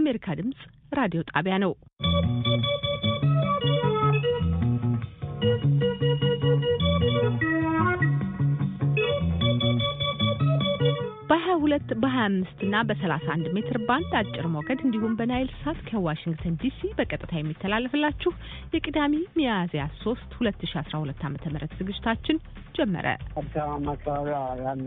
የአሜሪካ ድምፅ ራዲዮ ጣቢያ ነው። በ22 በ25 እና በ31 ሜትር ባንድ አጭር ሞገድ እንዲሁም በናይል ሳት ከዋሽንግተን ዲሲ በቀጥታ የሚተላለፍላችሁ የቅዳሜ ሚያዝያ 3 2012 ዓ ም ዝግጅታችን ጀመረ። አዲስ አበባ አካባቢ ያሉ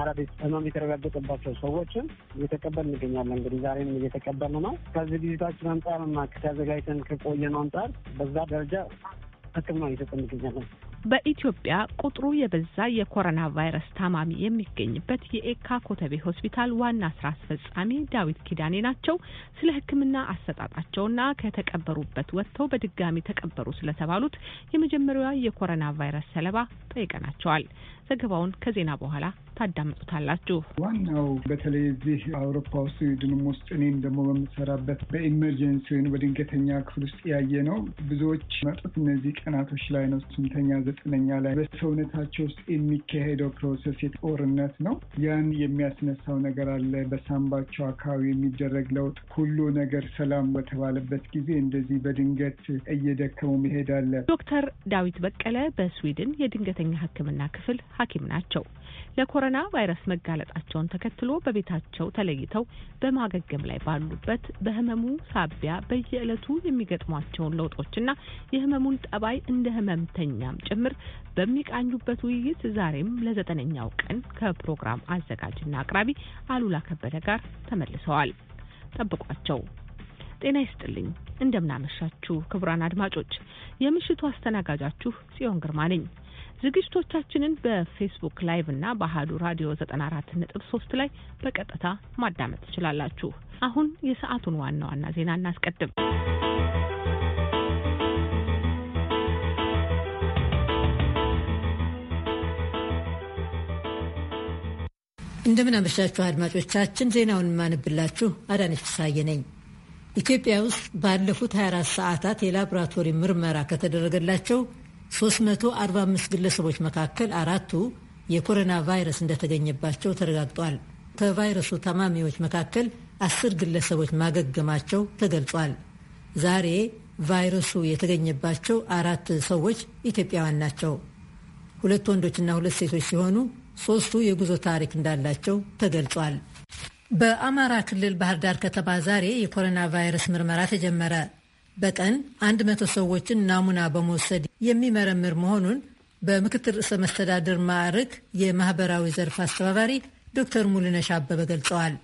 አራት ህመም የተረጋገጠባቸው ሰዎችን እየተቀበል እንገኛለን። እንግዲህ ዛሬም እየተቀበል ነው። ከዚህ ጊዜታችን አንጻርና ከተዘጋጅተን ከቆየነው አንጻር በዛ ደረጃ ሕክምና እየሰጠ እንገኛለን። በኢትዮጵያ ቁጥሩ የበዛ የኮሮና ቫይረስ ታማሚ የሚገኝበት የኤካ ኮተቤ ሆስፒታል ዋና ስራ አስፈጻሚ ዳዊት ኪዳኔ ናቸው። ስለ ሕክምና አሰጣጣቸውና ከተቀበሩበት ወጥተው በድጋሚ ተቀበሩ ስለተባሉት የመጀመሪያዋ የኮሮና ቫይረስ ሰለባ ጠይቀናቸዋል። ዘገባውን ከዜና በኋላ ታዳምጡታላችሁ። ዋናው በተለይ እዚህ አውሮፓ ውስጥ ስዊድንም ውስጥ እኔም ደግሞ በምሰራበት በኢመርጀንሲ ወይም በድንገተኛ ክፍል ውስጥ ያየ ነው ብዙዎች መጡት እነዚህ ቀናቶች ላይ ነው። ስምንተኛ ዘጠነኛ ላይ በሰውነታቸው ውስጥ የሚካሄደው ፕሮሰስ የጦርነት ነው። ያን የሚያስነሳው ነገር አለ። በሳምባቸው አካባቢ የሚደረግ ለውጥ ሁሉ ነገር ሰላም በተባለበት ጊዜ እንደዚህ በድንገት እየደከሙ መሄድ አለ። ዶክተር ዳዊት በቀለ በስዊድን የድንገተኛ ሕክምና ክፍል ሐኪም ናቸው። ለኮሮና ቫይረስ መጋለጣቸውን ተከትሎ በቤታቸው ተለይተው በማገገም ላይ ባሉበት በህመሙ ሳቢያ በየዕለቱ የሚገጥሟቸውን ለውጦችና የህመሙን ጠባይ እንደ ህመምተኛም ጭምር በሚቃኙበት ውይይት ዛሬም ለዘጠነኛው ቀን ከፕሮግራም አዘጋጅና አቅራቢ አሉላ ከበደ ጋር ተመልሰዋል። ጠብቋቸው። ጤና ይስጥልኝ። እንደምናመሻችሁ ክቡራን አድማጮች፣ የምሽቱ አስተናጋጃችሁ ጽዮን ግርማ ነኝ። ዝግጅቶቻችንን በፌስቡክ ላይቭ እና በአህዱ ራዲዮ 94.3 ላይ በቀጥታ ማዳመጥ ትችላላችሁ። አሁን የሰዓቱን ዋና ዋና ዜና እናስቀድም። እንደምን አመሻችሁ አድማጮቻችን። ዜናውን ማንብላችሁ አዳነች ሳየ ነኝ። ኢትዮጵያ ውስጥ ባለፉት 24 ሰዓታት የላቦራቶሪ ምርመራ ከተደረገላቸው 345 ግለሰቦች መካከል አራቱ የኮሮና ቫይረስ እንደተገኘባቸው ተረጋግጧል። ከቫይረሱ ታማሚዎች መካከል አስር ግለሰቦች ማገገማቸው ተገልጿል። ዛሬ ቫይረሱ የተገኘባቸው አራት ሰዎች ኢትዮጵያውያን ናቸው። ሁለት ወንዶችና ሁለት ሴቶች ሲሆኑ ሶስቱ የጉዞ ታሪክ እንዳላቸው ተገልጿል። በአማራ ክልል ባህር ዳር ከተማ ዛሬ የኮሮና ቫይረስ ምርመራ ተጀመረ። በቀን መቶ ሰዎችን ናሙና በመውሰድ የሚመረምር መሆኑን በምክትል ርዕሰ መስተዳድር ማዕረግ የማህበራዊ ዘርፍ አስተባባሪ ዶክተር ሙሉነሽ አበበ ገልጸዋል።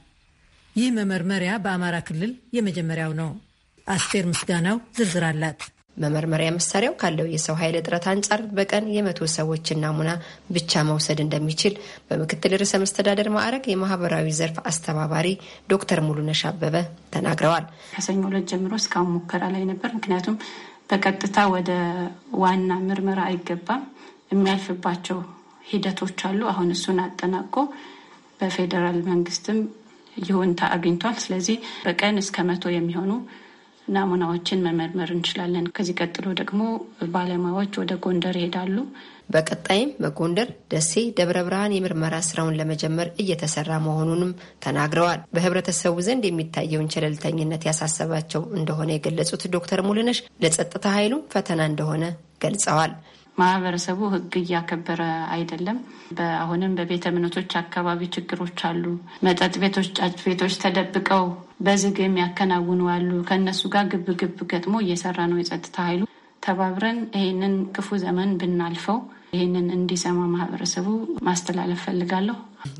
ይህ መመርመሪያ በአማራ ክልል የመጀመሪያው ነው። አስቴር ምስጋናው ዝርዝር አላት። መመርመሪያ መሳሪያው ካለው የሰው ኃይል እጥረት አንጻር በቀን የመቶ ሰዎች ናሙና ብቻ መውሰድ እንደሚችል በምክትል ርዕሰ መስተዳደር ማዕረግ የማህበራዊ ዘርፍ አስተባባሪ ዶክተር ሙሉነሽ አበበ ተናግረዋል። ከሰኞ ዕለት ጀምሮ እስካሁን ሙከራ ላይ ነበር። ምክንያቱም በቀጥታ ወደ ዋና ምርመራ አይገባም። የሚያልፍባቸው ሂደቶች አሉ። አሁን እሱን አጠናቆ በፌዴራል መንግስትም ይሁንታ አግኝቷል። ስለዚህ በቀን እስከ መቶ የሚሆኑ ናሙናዎችን መመርመር እንችላለን። ከዚህ ቀጥሎ ደግሞ ባለሙያዎች ወደ ጎንደር ይሄዳሉ። በቀጣይም በጎንደር፣ ደሴ፣ ደብረ ብርሃን የምርመራ ስራውን ለመጀመር እየተሰራ መሆኑንም ተናግረዋል። በህብረተሰቡ ዘንድ የሚታየውን ቸለልተኝነት ያሳሰባቸው እንደሆነ የገለጹት ዶክተር ሙልነሽ ለጸጥታ ኃይሉ ፈተና እንደሆነ ገልጸዋል። ማህበረሰቡ ህግ እያከበረ አይደለም። አሁንም በቤተ እምነቶች አካባቢ ችግሮች አሉ። መጠጥ ቤቶች፣ ጫጭ ቤቶች ተደብቀው በዝግ የሚያከናውኑ አሉ። ከእነሱ ጋር ግብ ግብ ገጥሞ እየሰራ ነው የጸጥታ ኃይሉ። ተባብረን ይህንን ክፉ ዘመን ብናልፈው ይህንን እንዲሰማ ማህበረሰቡ ማስተላለፍ ፈልጋለሁ።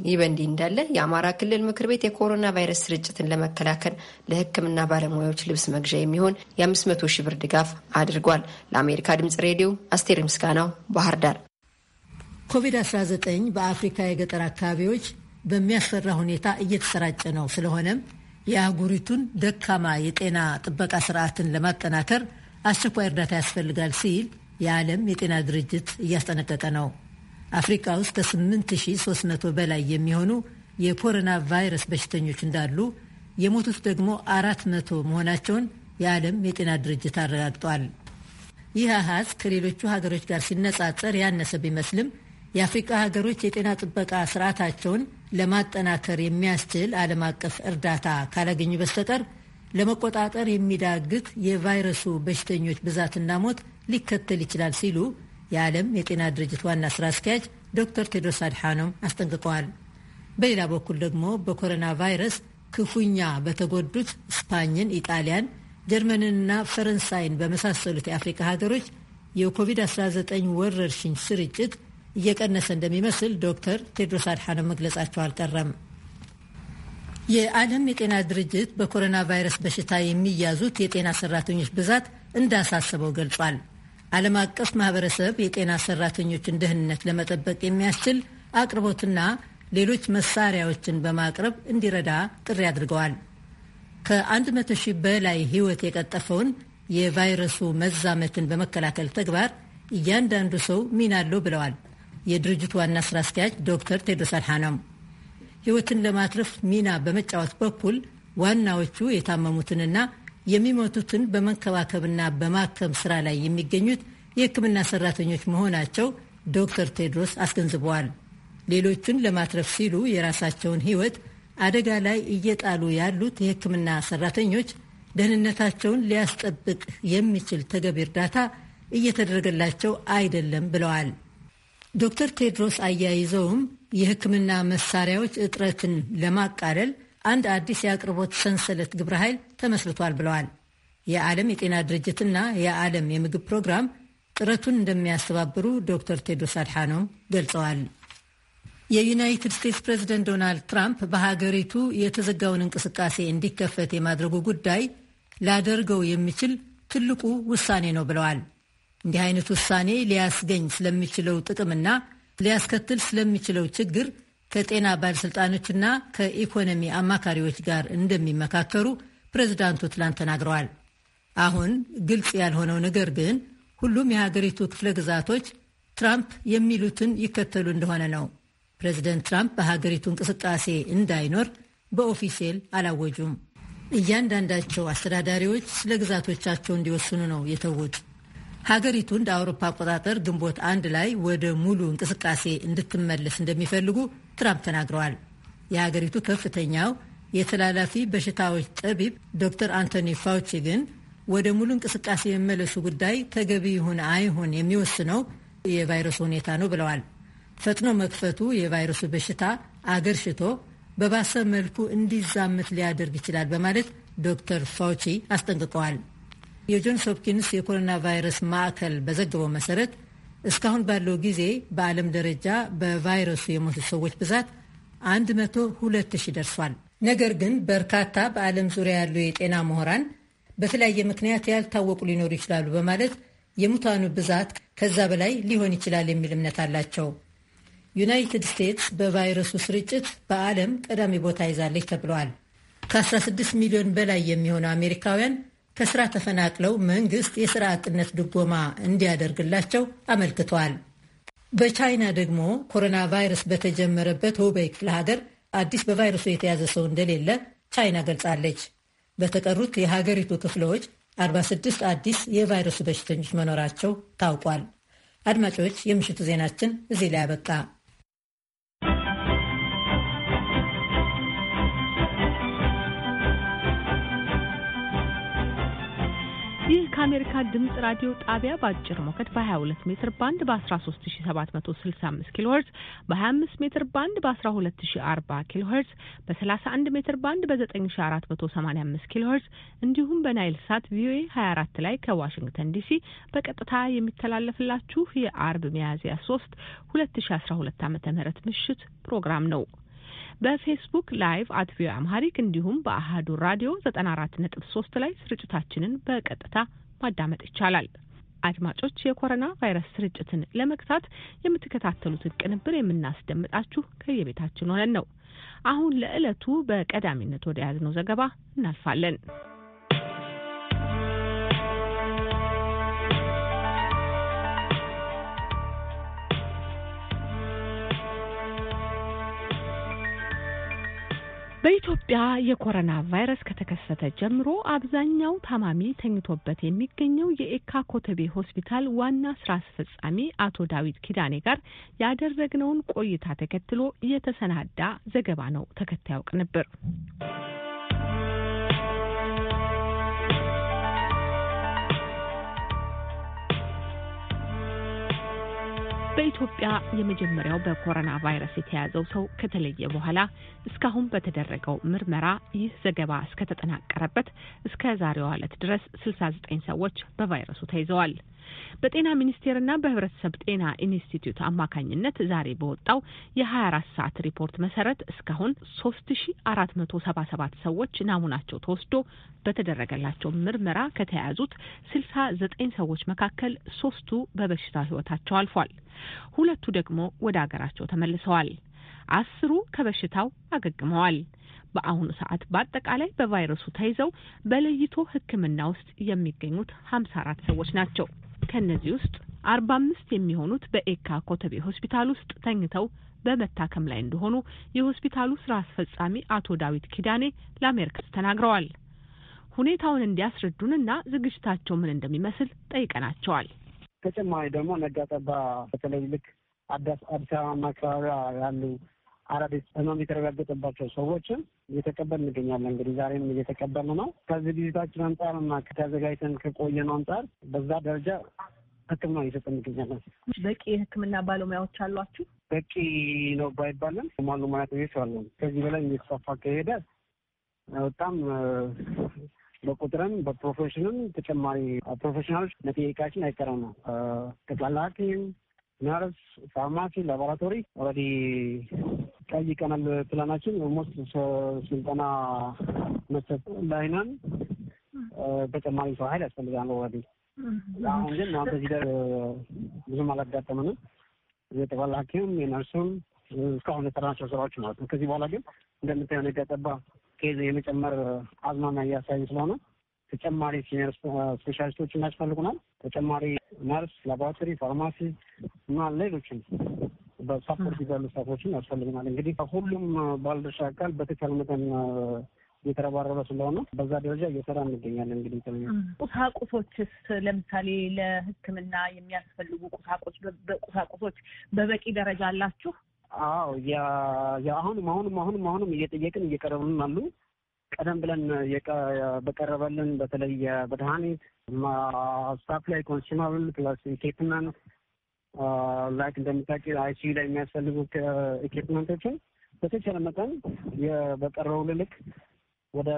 ይህ በእንዲህ እንዳለ የአማራ ክልል ምክር ቤት የኮሮና ቫይረስ ስርጭትን ለመከላከል ለሕክምና ባለሙያዎች ልብስ መግዣ የሚሆን የ500 ሺህ ብር ድጋፍ አድርጓል። ለአሜሪካ ድምጽ ሬዲዮ አስቴር ምስጋናው ባህር ዳር። ኮቪድ-19 በአፍሪካ የገጠር አካባቢዎች በሚያስፈራ ሁኔታ እየተሰራጨ ነው። ስለሆነም የአህጉሪቱን ደካማ የጤና ጥበቃ ስርዓትን ለማጠናከር አስቸኳይ እርዳታ ያስፈልጋል ሲል የዓለም የጤና ድርጅት እያስጠነቀቀ ነው። አፍሪካ ውስጥ ከ8300 በላይ የሚሆኑ የኮሮና ቫይረስ በሽተኞች እንዳሉ የሞቱት ደግሞ 400 መሆናቸውን የዓለም የጤና ድርጅት አረጋግጧል። ይህ አሃዝ ከሌሎቹ ሀገሮች ጋር ሲነጻጸር ያነሰ ቢመስልም የአፍሪካ ሀገሮች የጤና ጥበቃ ስርዓታቸውን ለማጠናከር የሚያስችል ዓለም አቀፍ እርዳታ ካላገኙ በስተቀር ለመቆጣጠር የሚዳግት የቫይረሱ በሽተኞች ብዛትና ሞት ሊከተል ይችላል ሲሉ የዓለም የጤና ድርጅት ዋና ስራ አስኪያጅ ዶክተር ቴድሮስ አድሓኖም አስጠንቅቀዋል። በሌላ በኩል ደግሞ በኮሮና ቫይረስ ክፉኛ በተጎዱት ስፓኝን፣ ኢጣሊያን፣ ጀርመንንና ፈረንሳይን በመሳሰሉት የአፍሪካ ሀገሮች የኮቪድ-19 ወረርሽኝ ስርጭት እየቀነሰ እንደሚመስል ዶክተር ቴድሮስ አድሓኖም መግለጻቸው አልቀረም። የዓለም የጤና ድርጅት በኮሮና ቫይረስ በሽታ የሚያዙት የጤና ሰራተኞች ብዛት እንዳሳሰበው ገልጿል። ዓለም አቀፍ ማህበረሰብ የጤና ሰራተኞችን ደህንነት ለመጠበቅ የሚያስችል አቅርቦትና ሌሎች መሳሪያዎችን በማቅረብ እንዲረዳ ጥሪ አድርገዋል። ከ1000 ሺህ በላይ ህይወት የቀጠፈውን የቫይረሱ መዛመትን በመከላከል ተግባር እያንዳንዱ ሰው ሚና አለው ብለዋል የድርጅቱ ዋና ስራ አስኪያጅ ዶክተር ቴድሮስ አድሓኖም። ህይወትን ለማትረፍ ሚና በመጫወት በኩል ዋናዎቹ የታመሙትንና የሚሞቱትን በመንከባከብና በማከም ስራ ላይ የሚገኙት የሕክምና ሰራተኞች መሆናቸው ዶክተር ቴድሮስ አስገንዝበዋል። ሌሎቹን ለማትረፍ ሲሉ የራሳቸውን ሕይወት አደጋ ላይ እየጣሉ ያሉት የሕክምና ሰራተኞች ደህንነታቸውን ሊያስጠብቅ የሚችል ተገቢ እርዳታ እየተደረገላቸው አይደለም ብለዋል። ዶክተር ቴድሮስ አያይዘውም የሕክምና መሳሪያዎች እጥረትን ለማቃለል አንድ አዲስ የአቅርቦት ሰንሰለት ግብረ ኃይል ተመስርቷል ብለዋል። የዓለም የጤና ድርጅትና የዓለም የምግብ ፕሮግራም ጥረቱን እንደሚያስተባብሩ ዶክተር ቴድሮስ አድሓኖም ገልጸዋል። የዩናይትድ ስቴትስ ፕሬዚደንት ዶናልድ ትራምፕ በሀገሪቱ የተዘጋውን እንቅስቃሴ እንዲከፈት የማድረጉ ጉዳይ ላደርገው የሚችል ትልቁ ውሳኔ ነው ብለዋል። እንዲህ አይነት ውሳኔ ሊያስገኝ ስለሚችለው ጥቅምና ሊያስከትል ስለሚችለው ችግር ከጤና ባለሥልጣኖችና ከኢኮኖሚ አማካሪዎች ጋር እንደሚመካከሩ ፕሬዚዳንቱ ትላንት ተናግረዋል። አሁን ግልጽ ያልሆነው ነገር ግን ሁሉም የሀገሪቱ ክፍለ ግዛቶች ትራምፕ የሚሉትን ይከተሉ እንደሆነ ነው። ፕሬዚደንት ትራምፕ በሀገሪቱ እንቅስቃሴ እንዳይኖር በኦፊሴል አላወጁም። እያንዳንዳቸው አስተዳዳሪዎች ስለ ግዛቶቻቸው እንዲወስኑ ነው የተዉት። ሀገሪቱ እንደ አውሮፓ አቆጣጠር ግንቦት አንድ ላይ ወደ ሙሉ እንቅስቃሴ እንድትመለስ እንደሚፈልጉ ትራምፕ ተናግረዋል። የሀገሪቱ ከፍተኛው የተላላፊ በሽታዎች ጠቢብ ዶክተር አንቶኒ ፋውቺ ግን ወደ ሙሉ እንቅስቃሴ የመለሱ ጉዳይ ተገቢ ይሁን አይሁን የሚወስነው የቫይረሱ ሁኔታ ነው ብለዋል። ፈጥኖ መክፈቱ የቫይረሱ በሽታ አገር ሽቶ በባሰ መልኩ እንዲዛመት ሊያደርግ ይችላል በማለት ዶክተር ፋውቺ አስጠንቅቀዋል። የጆንስ ሆፕኪንስ የኮሮና ቫይረስ ማዕከል በዘገበው መሰረት እስካሁን ባለው ጊዜ በዓለም ደረጃ በቫይረሱ የሞቱ ሰዎች ብዛት 102,000 ደርሷል። ነገር ግን በርካታ በዓለም ዙሪያ ያሉ የጤና ምሁራን በተለያየ ምክንያት ያልታወቁ ሊኖሩ ይችላሉ በማለት የሙታኑ ብዛት ከዛ በላይ ሊሆን ይችላል የሚል እምነት አላቸው። ዩናይትድ ስቴትስ በቫይረሱ ስርጭት በዓለም ቀዳሚ ቦታ ይዛለች ተብለዋል። ከ16 ሚሊዮን በላይ የሚሆኑ አሜሪካውያን ከስራ ተፈናቅለው መንግስት የስራ አጥነት ድጎማ እንዲያደርግላቸው አመልክቷል። በቻይና ደግሞ ኮሮና ቫይረስ በተጀመረበት ሁቤይ ክፍለ ሀገር አዲስ በቫይረሱ የተያዘ ሰው እንደሌለ ቻይና ገልጻለች። በተቀሩት የሀገሪቱ ክፍሎች 46 አዲስ የቫይረሱ በሽተኞች መኖራቸው ታውቋል። አድማጮች፣ የምሽቱ ዜናችን እዚህ ላይ አበቃ። ይህ ከአሜሪካ ድምጽ ራዲዮ ጣቢያ በአጭር ሞገድ በ22 ሜትር ባንድ በ13765 ኪሎ ሄርዝ በ25 ሜትር ባንድ በ1240 ኪሎ ሄርዝ በ31 ሜትር ባንድ በ9485 ኪሎ ሄርዝ እንዲሁም በናይል ሳት ቪኦኤ 24 ላይ ከዋሽንግተን ዲሲ በቀጥታ የሚተላለፍላችሁ የአርብ ሚያዝያ 3 2012 ዓ.ም ምሽት ፕሮግራም ነው። በፌስቡክ ላይቭ አት ቪኦኤ አምሃሪክ እንዲሁም በአህዱ ራዲዮ 94.3 ላይ ስርጭታችንን በቀጥታ ማዳመጥ ይቻላል። አድማጮች የኮሮና ቫይረስ ስርጭትን ለመግታት የምትከታተሉትን ቅንብር የምናስደምጣችሁ ከየቤታችን ሆነን ነው። አሁን ለዕለቱ በቀዳሚነት ወደ ያዝነው ዘገባ እናልፋለን። በኢትዮጵያ የኮሮና ቫይረስ ከተከሰተ ጀምሮ አብዛኛው ታማሚ ተኝቶበት የሚገኘው የኤካ ኮተቤ ሆስፒታል ዋና ስራ አስፈጻሚ አቶ ዳዊት ኪዳኔ ጋር ያደረግነውን ቆይታ ተከትሎ የተሰናዳ ዘገባ ነው። ተከታዩ ቅንብር በኢትዮጵያ የመጀመሪያው በኮሮና ቫይረስ የተያዘው ሰው ከተለየ በኋላ እስካሁን በተደረገው ምርመራ ይህ ዘገባ እስከተጠናቀረበት እስከ ዛሬዋ ዕለት ድረስ 69 ሰዎች በቫይረሱ ተይዘዋል። በጤና ሚኒስቴርና በህብረተሰብ ጤና ኢንስቲትዩት አማካኝነት ዛሬ በወጣው የ24 ሰዓት ሪፖርት መሰረት እስካሁን 3477 ሰዎች ናሙናቸው ተወስዶ በተደረገላቸው ምርመራ ከተያያዙት 69 ሰዎች መካከል ሶስቱ በበሽታ ህይወታቸው አልፏል። ሁለቱ ደግሞ ወደ አገራቸው ተመልሰዋል። አስሩ ከበሽታው አገግመዋል። በአሁኑ ሰዓት በአጠቃላይ በቫይረሱ ተይዘው በለይቶ ሕክምና ውስጥ የሚገኙት አራት ሰዎች ናቸው። ከእነዚህ ውስጥ አርባ አምስት የሚሆኑት በኤካ ኮተቤ ሆስፒታል ውስጥ ተኝተው በመታከም ላይ እንደሆኑ የሆስፒታሉ ስራ አስፈጻሚ አቶ ዳዊት ኪዳኔ ለአሜሪካ ተናግረዋል። ሁኔታውን እንዲያስረዱንና ዝግጅታቸው ምን እንደሚመስል ጠይቀናቸዋል። ተጨማሪ ደግሞ ነጋጠባ በተለይ ልክ አዲስ አበባ አካባቢዋ ያሉ አራዲስ ህመም የተረጋገጠባቸው ሰዎችን እየተቀበል እንገኛለን። እንግዲህ ዛሬም እየተቀበል ነው። ከዚህ ጊዜታችን አንጻርና ከተዘጋጅተን ከቆየነው አንጻር በዛ ደረጃ ህክምና እየሰጠ እንገኛለን። በቂ የህክምና ባለሙያዎች አሏችሁ? በቂ ነው ባይባልም ማሉ ሙያተኞች አሉ። ከዚህ በላይ እየተስፋፋ ከሄደ በጣም በቁጥርም በፕሮፌሽንም ተጨማሪ ፕሮፌሽናሎች መጠየቃችን አይቀርም ነው። ጠቅላላ ሐኪም፣ ነርስ፣ ፋርማሲ፣ ላቦራቶሪ ኦልሬዲ ጠይቀናል። ፕላናችን ኦልሞስት ስልጠና መሰጥ ላይ ነን። ተጨማሪ ሰው ኃይል ያስፈልጋል። ወዲ አሁን ግን አሁን በዚህ ደር ብዙም አላጋጠመንም። የጠቅላላ ሐኪም የነርሱም እስካሁን የሰራናቸው ስራዎች ማለት ነው። ከዚህ በኋላ ግን እንደምታየው ነገ ጠባ ኬዝ የመጨመር አዝማሚያ እያሳዩ ስለሆነ ተጨማሪ ሲኒየር ስፔሻሊስቶች እናስፈልጉናል። ተጨማሪ ነርስ፣ ላቦራቶሪ፣ ፋርማሲ እና ሌሎችም በሳፖርት ይዛሉ ስታፎችን ያስፈልግናል። እንግዲህ ሁሉም ባለድርሻ አካል በተቻለ መጠን የተረባረበ ስለሆነ በዛ ደረጃ እየሰራ እንገኛለን። እንግዲህ ቁሳቁሶችስ ለምሳሌ ለሕክምና የሚያስፈልጉ ቁሳቁሶች በበቂ ደረጃ አላችሁ? አዎ፣ አሁንም አሁንም አሁንም አሁንም እየጠየቅን እየቀረብን አሉ። ቀደም ብለን በቀረበልን በተለይ በድሃኒት ሳፕላይ ላይ ኮንሱማብል ፕላስ ኢኬፕናን ላይክ እንደምታውቂው አይሲ ላይ የሚያስፈልጉ ኢኩፕመንቶችን በተቻለ መጠን በቀረው ልልክ ወደ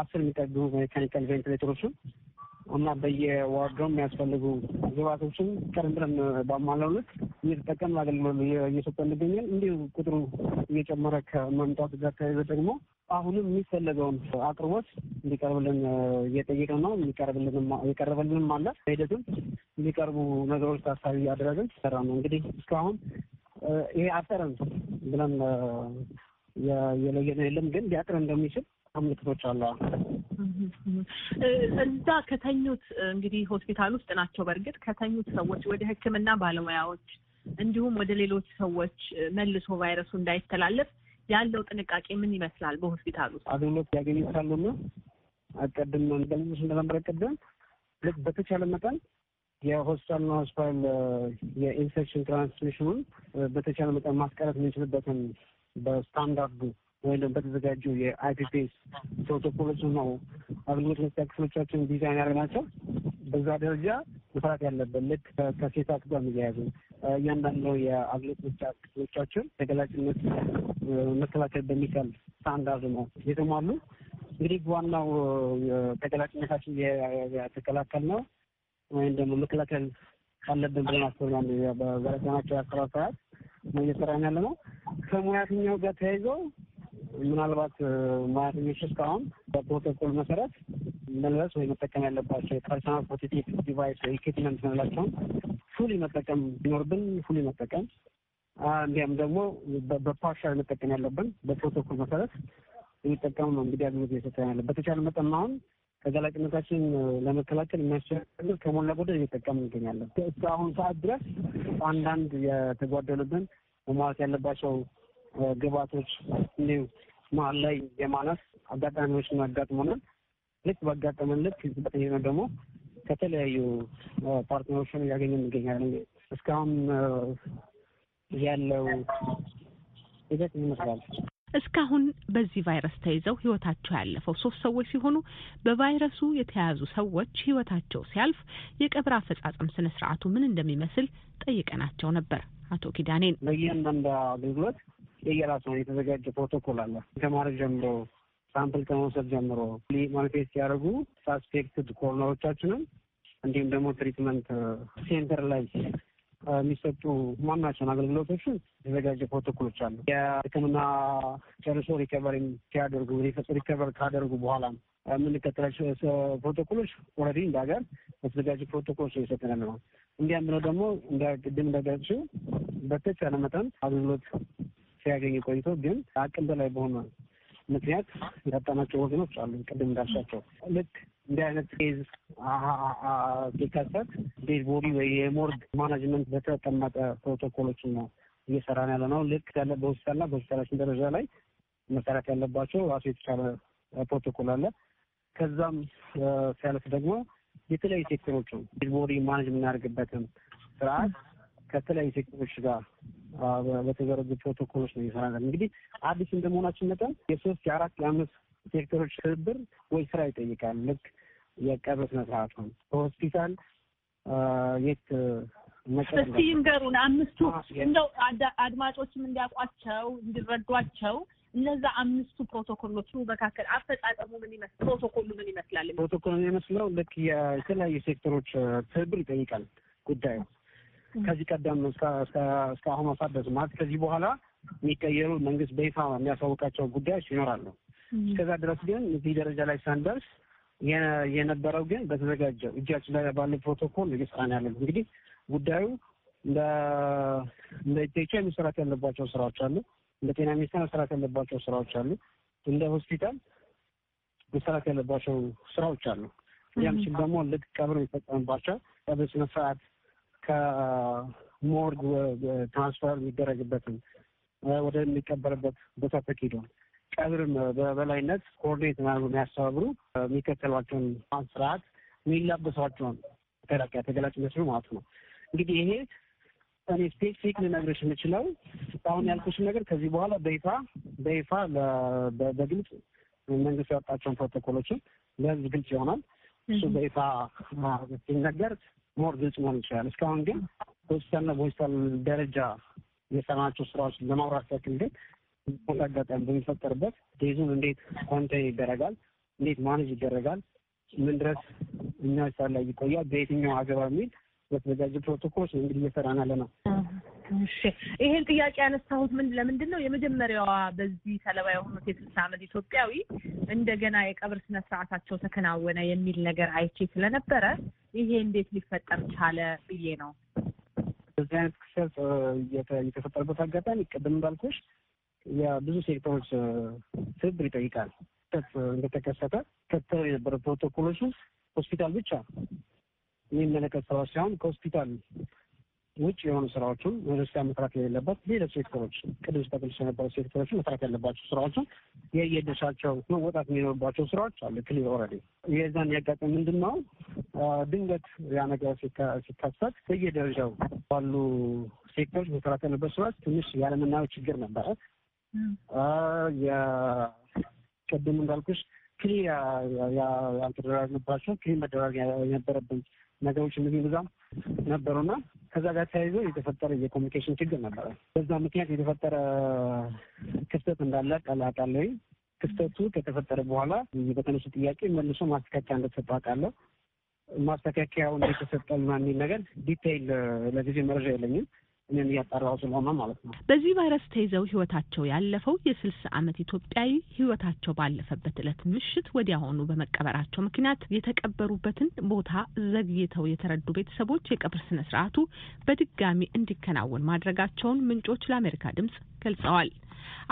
አስር የሚጠጉ ሜካኒካል ቬንትሌተሮችን እና በየዋርዶም የሚያስፈልጉ ግባቶችን ቀደም ብለን ባሟላው ልክ እየተጠቀም አገልግሎት እየሰጠ እንገኛል። እንዲሁ ቁጥሩ እየጨመረ ከመምጣቱ ጋር ተያይዘ ደግሞ አሁንም የሚፈለገውን አቅርቦት እንዲቀርብልን እየጠየቅን ነው። የቀረበልንም አለ። ሂደትም የሚቀርቡ ነገሮች ታሳቢ አድረግን ሰራ ነው። እንግዲህ እስካሁን ይሄ አጠረን ብለን የለየነው የለም፣ ግን ሊያጥር እንደሚችል ምልክቶች አለ። እዛ ከተኙት እንግዲህ ሆስፒታል ውስጥ ናቸው። በእርግጥ ከተኙት ሰዎች ወደ ሕክምና ባለሙያዎች እንዲሁም ወደ ሌሎች ሰዎች መልሶ ቫይረሱ እንዳይተላለፍ ያለው ጥንቃቄ ምን ይመስላል? በሆስፒታል ውስጥ አብነት ያገኙ ስላሉና አቀድም ነው እንደምንሽ እንደነበረ ቀደም ልክ በተቻለ መጠን የሆስፒታልና ሆስፒታል የኢንፌክሽን ትራንስሚሽኑን በተቻለ መጠን ማስቀረት የምንችልበትን በስታንዳርዱ ወይም ደግሞ በተዘጋጁ የአይፒፒስ ፕሮቶኮሎች ነው አገልግሎት መስጫ ክፍሎቻችን ዲዛይን ያደረግናቸው። በዛ ደረጃ መስራት ያለብን ልክ ከሴታት ጋር የሚያያዙ እያንዳንዱ የአገልግሎት መስጫ ክፍሎቻችን ተገላጭነት መከላከል በሚቻል ስታንዳርድ ነው የተሟሉ። እንግዲህ ዋናው ተገላጭነታችን የተከላከል ነው ወይም ደግሞ መከላከል አለብን ብለን አስበናል። በዘረጋናቸው የአሰራር ስርዓት ነው እየሰራን ያለ ነው። ከሙያተኛው ጋር ተያይዘው ምናልባት ማያገኞች እስካሁን በፕሮቶኮል መሰረት መልበስ ወይ መጠቀም ያለባቸው የፐርሰናል ፕሮቴክቲቭ ዲቫይስ ወይ ኢኩዊፕመንት ምንላቸውን ፉሊ መጠቀም ቢኖርብን ፉሊ መጠቀም፣ እንዲያም ደግሞ በፓርሻል መጠቀም ያለብን በፕሮቶኮል መሰረት የሚጠቀሙ ነው። እንግዲህ አገልግሎት እየሰጠ ያለ በተቻለ መጠን አሁን ተጋላጭነታችን ለመከላከል የሚያስችል ከሞላ ጎደል እየጠቀም እንገኛለን። እስከ አሁኑ ሰዓት ድረስ አንዳንድ የተጓደሉብን መሟላት ያለባቸው ግባቶች እንዲሁ መሀል ላይ የማነስ አጋጣሚዎች ያጋጥሙናል። ልክ በአጋጠመን ልክ በጠየቅነው ደግሞ ከተለያዩ ፓርትነሮችን እያገኘ እንገኛለን። እስካሁን ያለው ሂደት ይመስላል። እስካሁን በዚህ ቫይረስ ተይዘው ህይወታቸው ያለፈው ሶስት ሰዎች ሲሆኑ በቫይረሱ የተያዙ ሰዎች ህይወታቸው ሲያልፍ የቀብር አፈጻጸም ስነ ስርዓቱ ምን እንደሚመስል ጠይቀናቸው ነበር። አቶ ኪዳኔን ለእያንዳንዱ አገልግሎት የየራሱ ነው የተዘጋጀ ፕሮቶኮል አለ። ከማድረግ ጀምሮ ሳምፕል ከመውሰድ ጀምሮ ማኒፌስት ሲያደርጉ ሳስፔክትድ ኮሮነሮቻችንም እንዲሁም ደግሞ ትሪትመንት ሴንተር ላይ የሚሰጡ ማናቸውን አገልግሎቶችን የተዘጋጀ ፕሮቶኮሎች አሉ። የሕክምና ጨርሶ ሪከቨሪ ሲያደርጉ ሪከቨር ካደርጉ በኋላ የምንከተላቸው ፕሮቶኮሎች ኦልሬዲ እንደ ሀገር የተዘጋጀ ፕሮቶኮሎች እየሰጠን ነው። እንዲያም ብለው ደግሞ ቅድም እንደገለጽሽው በተቻለ መጠን አገልግሎት ሲያገኝ ቆይቶ ግን አቅም በላይ በሆነ ምክንያት ያጣናቸው ወገኖች አሉ። ቅድም እንዳሻቸው ልክ እንዲህ አይነት ኬዝ ሲከሰት ዴድ ቦዲ ወይ የሞርግ ማናጅመንት በተቀመጠ ፕሮቶኮሎች ነው እየሰራን ያለ ነው። ልክ ያለ በሆስፒታልና በሆስፒታላችን ደረጃ ላይ መሰራት ያለባቸው ራሱ የተቻለ ፕሮቶኮል አለ። ከዛም ሲያለፍ ደግሞ የተለያዩ ሴክተሮች ነው ዴድ ቦዲ ማናጅ የምናደርግበትን ስርዓት ከተለያዩ ሴክተሮች ጋር በተዘረጉ ፕሮቶኮሎች ነው የሰራ ያለ። እንግዲህ አዲስ እንደመሆናችን መጠን የሶስት የአራት የአምስት ሴክተሮች ትብብር ወይ ስራ ይጠይቃል። ልክ የቀብር ስነ ነው በሆስፒታል የት እስቲ ይንገሩን አምስቱ እንደው አድማጮችም እንዲያውቋቸው እንዲረዷቸው እነዛ አምስቱ ፕሮቶኮሎቹ መካከል አፈጻጸሙ ምን ይመስል ፕሮቶኮሉ ምን ይመስላል? ፕሮቶኮሉ የሚመስለው ልክ የተለያዩ ሴክተሮች ትብብር ይጠይቃል ጉዳዩ ከዚህ ቀደም እስካሁን አሳደስ ማለት ከዚህ በኋላ የሚቀየሩ መንግስት በይፋ የሚያሳውቃቸው ጉዳዮች ይኖራሉ። እስከዛ ድረስ ግን እዚህ ደረጃ ላይ ሳንደርስ የነበረው ግን በተዘጋጀው እጃችን ላይ ባለ ፕሮቶኮል እየሰራን ያለን እንግዲህ ጉዳዩ እንደ ኢትዮጵያ መሰራት ያለባቸው ስራዎች አሉ። እንደ ጤና ሚኒስቴር መሰራት ያለባቸው ስራዎች አሉ። እንደ ሆስፒታል መሰራት ያለባቸው ስራዎች አሉ። ያም ሲል ደግሞ ልክ ቀብር የሚፈጸምባቸው ቀብር ስነስርዓት ከሞርግ ትራንስፈር የሚደረግበትን ወደሚቀበርበት ቦታ ተኪዷል። ቀብርም በበላይነት ኮርዴት የሚያስተባብሩ የሚከተሏቸውን ን ስርዓት የሚላበሷቸውን ተላቂያ ተገላጭ መስሉ ማለት ነው። እንግዲህ ይሄ እኔ ስፔሲፊክ ልነግርሽ የምችለው አሁን ያልኩሽ ነገር ከዚህ በኋላ በይፋ በይፋ በግልጽ መንግስት ያወጣቸውን ፕሮቶኮሎችን ለህዝብ ግልጽ ይሆናል። እሱ በይፋ ሲነገር ሞር ግልጽ መሆን ይችላል። እስካሁን ግን በሆስፒታልና በሆስፒታል ደረጃ የሰራናቸው ስራዎች ለማውራት ያክል ግን አጋጣሚ በሚፈጠርበት ዴዙን እንዴት ኮንቴን ይደረጋል፣ እንዴት ማኔጅ ይደረጋል፣ ምን ድረስ እኛ ሆስፒታል ላይ ይቆያል፣ በየትኛው አገባ የሚል በተዘጋጀ ፕሮቶኮል እንግዲህ እየሰራን ያለ ነው። ትንሽ ይሄን ጥያቄ ያነሳሁት ምን ለምንድን ነው የመጀመሪያዋ በዚህ ሰለባ የሆኑት የስልሳ ዓመት ኢትዮጵያዊ እንደገና የቀብር ስነ ስርዓታቸው ተከናወነ የሚል ነገር አይቼ ስለነበረ ይሄ እንዴት ሊፈጠር ቻለ ብዬ ነው። በዚህ አይነት ክስተት የተፈጠረበት አጋጣሚ ቅድም እንዳልኩሽ ብዙ ሴክተሮች ትብብር ይጠይቃል። እንደተከሰተ ከተው የነበረ ፕሮቶኮሎች ሆስፒታል ብቻ የሚመለከት ሰዎች ሲሆን ከሆስፒታል ውጭ የሆኑ ስራዎችን ዩኒቨርሲቲ መስራት የሌለበት ሌሎች ሴክተሮች ቅድም ስጠቅልስ የነበረ ሴክተሮች መስራት ያለባቸው ስራዎችን የየድርሻቸው መወጣት የሚኖርባቸው ስራዎች አሉ። ክሊር ኦልሬዲ የዛን ያጋጥም ምንድን ነው ድንገት ያ ነገር ሲከሰት በየደረጃው ባሉ ሴክተሮች መስራት ያለበት ስራዎች ትንሽ ያለመናወቅ ችግር ነበረ። የቅድም እንዳልኩሽ ክሊር ያልተደራጅንባቸው ክሊ መደራጅ የነበረብን ነገሮች እነዚህ ብዛም ነበሩና ከዛ ጋር ተያይዞ የተፈጠረ የኮሚኒኬሽን ችግር ነበረ። በዛ ምክንያት የተፈጠረ ክፍተት እንዳለ አውቃለሁ። ክፍተቱ ከተፈጠረ በኋላ በተነሱ ጥያቄ መልሶ ማስተካከያ እንደተሰጠ አውቃለሁ። ማስተካከያው እንደተሰጠ ምናምን የሚል ነገር ዲቴይል ለጊዜ መረጃ የለኝም። እኔም እያጣራሁ ስለሆነ ማለት ነው። በዚህ ቫይረስ ተይዘው ህይወታቸው ያለፈው የስልሳ ዓመት ኢትዮጵያዊ ህይወታቸው ባለፈበት እለት ምሽት ወዲያውኑ በመቀበራቸው ምክንያት የተቀበሩበትን ቦታ ዘግይተው የተረዱ ቤተሰቦች የቀብር ስነ ስርዓቱ በድጋሚ እንዲከናወን ማድረጋቸውን ምንጮች ለአሜሪካ ድምጽ ገልጸዋል።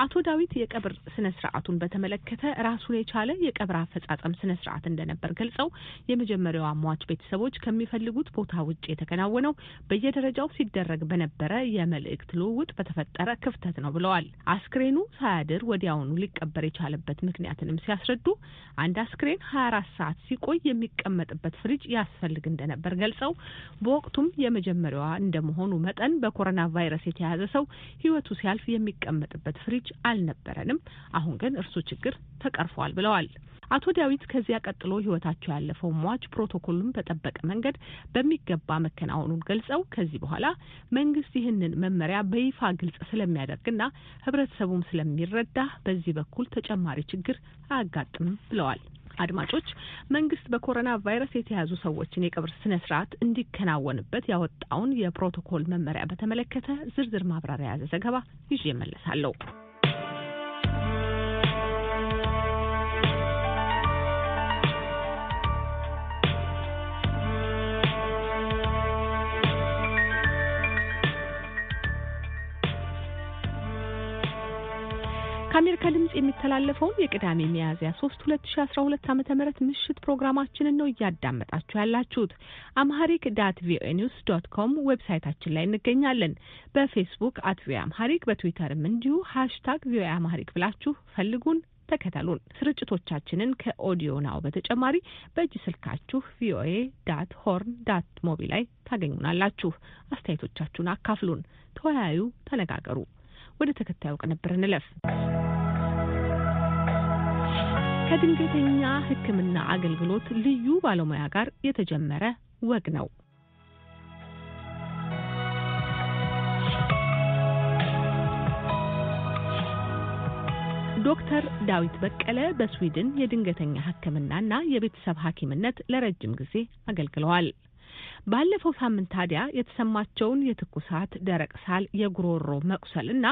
አቶ ዳዊት የቀብር ስነ ስርዓቱን በተመለከተ ራሱን የቻለ የቀብር አፈጻጸም ስነ ስርዓት እንደነበር ገልጸው የመጀመሪያው አሟች ቤተሰቦች ከሚፈልጉት ቦታ ውጭ የተከናወነው በየደረጃው ሲደረግ በነበረ የመልእክት ልውውጥ በተፈጠረ ክፍተት ነው ብለዋል። አስክሬኑ ሳያድር ወዲያውኑ ሊቀበር የቻለበት ምክንያትንም ሲያስረዱ አንድ አስክሬን 24 ሰዓት ሲቆይ የሚቀመጥበት ፍሪጅ ያስፈልግ እንደነበር ገልጸው በወቅቱም የመጀመሪያዋ እንደመሆኑ መጠን በኮሮና ቫይረስ የተያዘ ሰው ህይወቱ ሲያልፍ የሚቀመጥበት ፍሪጅ ልጅ አልነበረንም። አሁን ግን እርሱ ችግር ተቀርፏል ብለዋል አቶ ዳዊት። ከዚያ ቀጥሎ ህይወታቸው ያለፈው ሟች ፕሮቶኮሉን በጠበቀ መንገድ በሚገባ መከናወኑን ገልጸው ከዚህ በኋላ መንግስት ይህንን መመሪያ በይፋ ግልጽ ስለሚያደርግና ህብረተሰቡም ስለሚረዳ በዚህ በኩል ተጨማሪ ችግር አያጋጥምም ብለዋል። አድማጮች መንግስት በኮሮና ቫይረስ የተያዙ ሰዎችን የቀብር ስነ ስርዓት እንዲከናወንበት ያወጣውን የፕሮቶኮል መመሪያ በተመለከተ ዝርዝር ማብራሪያ የያዘ ዘገባ ይዤ እመለሳለሁ። ከአሜሪካ ድምፅ የሚተላለፈውን የቅዳሜ ሚያዝያ 3 2012 ዓ ም ምሽት ፕሮግራማችንን ነው እያዳመጣችሁ ያላችሁት። አምሃሪክ ዳት ቪኦኤ ኒውስ ዶት ኮም ዌብሳይታችን ላይ እንገኛለን። በፌስቡክ አት ቪኦኤ አምሃሪክ፣ በትዊተርም እንዲሁ ሃሽታግ ቪኦኤ አምሃሪክ ብላችሁ ፈልጉን፣ ተከተሉን። ስርጭቶቻችንን ከኦዲዮ ናው በተጨማሪ በእጅ ስልካችሁ ቪኦኤ ዳት ሆርን ዳት ሞቢ ላይ ታገኙናላችሁ። አስተያየቶቻችሁን አካፍሉን፣ ተወያዩ፣ ተነጋገሩ። ወደ ተከታዩ ቅንብር እንለፍ። ከድንገተኛ ሕክምና አገልግሎት ልዩ ባለሙያ ጋር የተጀመረ ወግ ነው። ዶክተር ዳዊት በቀለ በስዊድን የድንገተኛ ሕክምናና የቤተሰብ ሐኪምነት ለረጅም ጊዜ አገልግለዋል። ባለፈው ሳምንት ታዲያ የተሰማቸውን የትኩሳት፣ ደረቅ ሳል፣ የጉሮሮ መቁሰል እና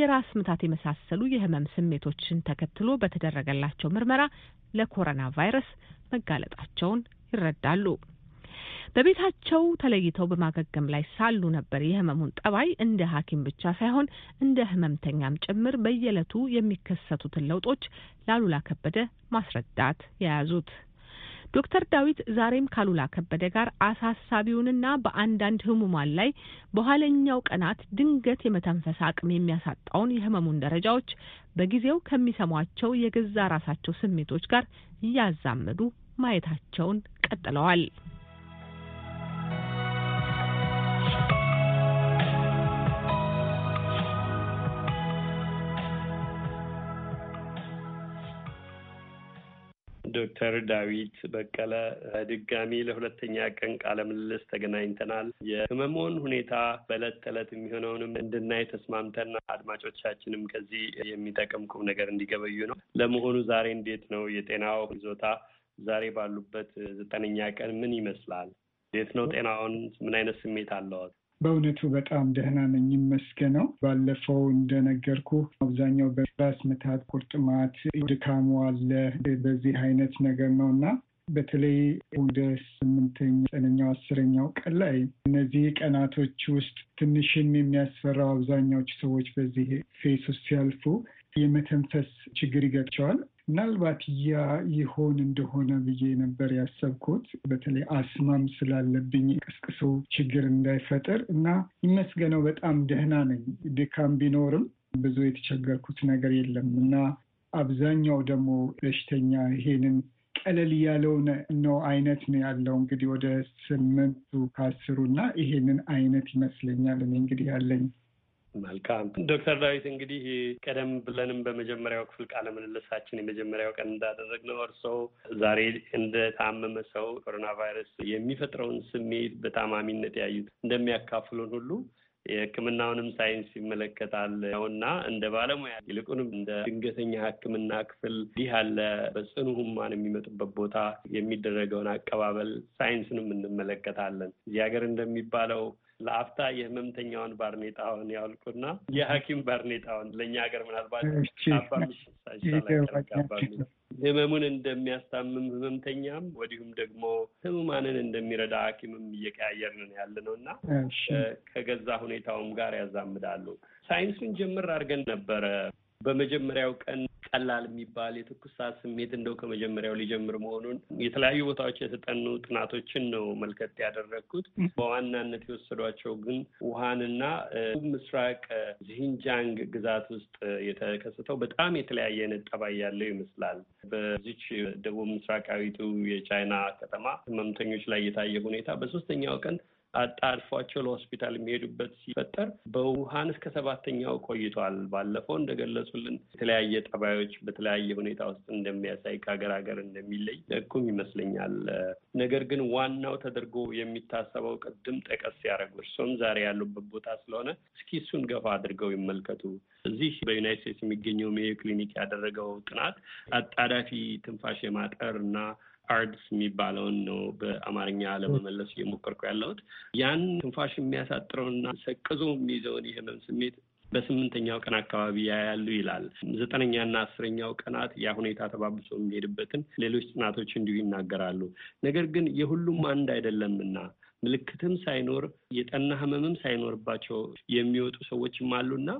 የራስ ምታት የመሳሰሉ የህመም ስሜቶችን ተከትሎ በተደረገላቸው ምርመራ ለኮሮና ቫይረስ መጋለጣቸውን ይረዳሉ። በቤታቸው ተለይተው በማገገም ላይ ሳሉ ነበር የህመሙን ጠባይ እንደ ሐኪም ብቻ ሳይሆን እንደ ህመምተኛም ጭምር በየዕለቱ የሚከሰቱትን ለውጦች ላሉላ ከበደ ማስረዳት የያዙት። ዶክተር ዳዊት ዛሬም ካሉላ ከበደ ጋር አሳሳቢውንና በአንዳንድ ህሙማን ላይ በኋለኛው ቀናት ድንገት የመተንፈስ አቅም የሚያሳጣውን የህመሙን ደረጃዎች በጊዜው ከሚሰሟቸው የገዛ ራሳቸው ስሜቶች ጋር እያዛመዱ ማየታቸውን ቀጥለዋል። ዶክተር ዳዊት በቀለ በድጋሚ ለሁለተኛ ቀን ቃለ ምልልስ ተገናኝተናል። የህመሙን ሁኔታ በእለት ተዕለት የሚሆነውንም እንድናይ ተስማምተን አድማጮቻችንም ከዚህ የሚጠቅም ቁም ነገር እንዲገበዩ ነው። ለመሆኑ ዛሬ እንዴት ነው የጤናው ይዞታ? ዛሬ ባሉበት ዘጠነኛ ቀን ምን ይመስላል? እንዴት ነው ጤናውን? ምን አይነት ስሜት አለዎት? በእውነቱ በጣም ደህና ነኝ ይመስገነው። ባለፈው እንደነገርኩ አብዛኛው በራስ ምታት፣ ቁርጥማት፣ ድካሙ አለ በዚህ አይነት ነገር ነው እና በተለይ ወደ ስምንተኛ ዘጠነኛው አስረኛው ቀን ላይ እነዚህ ቀናቶች ውስጥ ትንሽም የሚያስፈራው አብዛኛዎቹ ሰዎች በዚህ ፌስ ውስጥ ሲያልፉ የመተንፈስ ችግር ይገጥቸዋል። ምናልባት ያ ይሆን እንደሆነ ብዬ ነበር ያሰብኩት። በተለይ አስማም ስላለብኝ ቀስቅሶ ችግር እንዳይፈጥር እና ይመስገነው በጣም ደህና ነኝ። ድካም ቢኖርም ብዙ የተቸገርኩት ነገር የለም እና አብዛኛው ደግሞ በሽተኛ ይሄንን ቀለል ያለውን ነው አይነት ነው ያለው እንግዲህ ወደ ስምንቱ ከአስሩ እና ይሄንን አይነት ይመስለኛል እኔ እንግዲህ ያለኝ መልካም ዶክተር ዳዊት እንግዲህ ቀደም ብለንም በመጀመሪያው ክፍል ቃለ ምልልሳችን የመጀመሪያው ቀን እንዳደረግነው እርስዎ ዛሬ እንደታመመ ሰው ኮሮና ቫይረስ የሚፈጥረውን ስሜት በታማሚነት ያዩት እንደሚያካፍሉን ሁሉ የሕክምናውንም ሳይንስ ይመለከታል እና እንደ ባለሙያ ይልቁንም እንደ ድንገተኛ ሕክምና ክፍል ይህ ያለ በጽኑ ህሙማን የሚመጡበት ቦታ የሚደረገውን አቀባበል ሳይንስንም እንመለከታለን። እዚህ ሀገር እንደሚባለው ለአፍታ የህመምተኛውን ባርኔጣውን ያውልቁና የሐኪም ባርኔጣውን ለእኛ ሀገር ምናልባት ህመሙን እንደሚያስታምም ህመምተኛም ወዲሁም ደግሞ ህሙማንን እንደሚረዳ ሐኪምም እየቀያየርን ያለ ነው እና ከገዛ ሁኔታውም ጋር ያዛምዳሉ። ሳይንሱን ጀምር አድርገን ነበረ በመጀመሪያው ቀን ቀላል የሚባል የትኩሳት ስሜት እንደው ከመጀመሪያው ሊጀምር መሆኑን የተለያዩ ቦታዎች የተጠኑ ጥናቶችን ነው መልከት ያደረግኩት። በዋናነት የወሰዷቸው ግን ውሃንና ምስራቅ ዚንጃንግ ግዛት ውስጥ የተከሰተው በጣም የተለያየ አይነት ጠባይ ያለው ይመስላል። በዚች ደቡብ ምስራቃዊቱ የቻይና ከተማ ህመምተኞች ላይ የታየ ሁኔታ በሶስተኛው ቀን አጣድፏቸው ለሆስፒታል የሚሄዱበት ሲፈጠር በውሃን እስከ ሰባተኛው ቆይቷል። ባለፈው እንደገለጹልን የተለያየ ጠባዮች በተለያየ ሁኔታ ውስጥ እንደሚያሳይ ከሀገር ሀገር እንደሚለይ እቁም ይመስለኛል። ነገር ግን ዋናው ተደርጎ የሚታሰበው ቅድም ጠቀስ ያደረጉ እርሶም ዛሬ ያሉበት ቦታ ስለሆነ እስኪ እሱን ገፋ አድርገው ይመልከቱ። እዚህ በዩናይት ስቴትስ የሚገኘው ሜዮ ክሊኒክ ያደረገው ጥናት አጣዳፊ ትንፋሽ የማጠር እና አርድስ የሚባለውን ነው በአማርኛ ለመመለስ እየሞከርኩ ያለሁት። ያን ትንፋሽ የሚያሳጥረውና ሰቅዞ የሚይዘውን የህመም ስሜት በስምንተኛው ቀን አካባቢ ያያሉ ይላል። ዘጠነኛና አስረኛው ቀናት ያ ሁኔታ ተባብሶ የሚሄድበትን ሌሎች ጥናቶች እንዲሁ ይናገራሉ። ነገር ግን የሁሉም አንድ አይደለምና ምልክትም ሳይኖር የጠና ህመምም ሳይኖርባቸው የሚወጡ ሰዎችም አሉና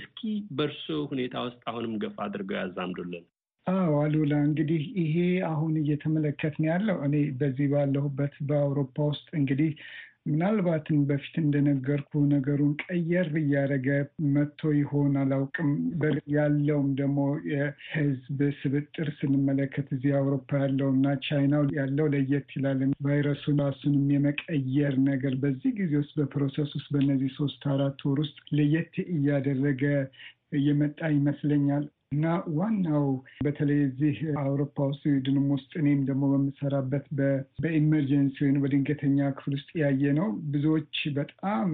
እስኪ በእርሶ ሁኔታ ውስጥ አሁንም ገፋ አድርገው ያዛምዱልን። አዎ አሉላ እንግዲህ ይሄ አሁን እየተመለከትን ያለው እኔ በዚህ ባለሁበት በአውሮፓ ውስጥ እንግዲህ ምናልባትም በፊት እንደነገርኩ ነገሩን ቀየር እያደረገ መጥቶ ይሆን አላውቅም። ያለውም ደግሞ የህዝብ ስብጥር ስንመለከት እዚህ አውሮፓ ያለው እና ቻይናው ያለው ለየት ይላል። ቫይረሱ ራሱንም የመቀየር ነገር በዚህ ጊዜ ውስጥ በፕሮሰስ ውስጥ በእነዚህ ሶስት አራት ወር ውስጥ ለየት እያደረገ እየመጣ ይመስለኛል። እና ዋናው በተለይ እዚህ አውሮፓ ውስጥ ስዊድንም ውስጥ እኔም ደግሞ በምሰራበት በኢመርጀንሲ ወይም በድንገተኛ ክፍል ውስጥ ያየ ነው ብዙዎች በጣም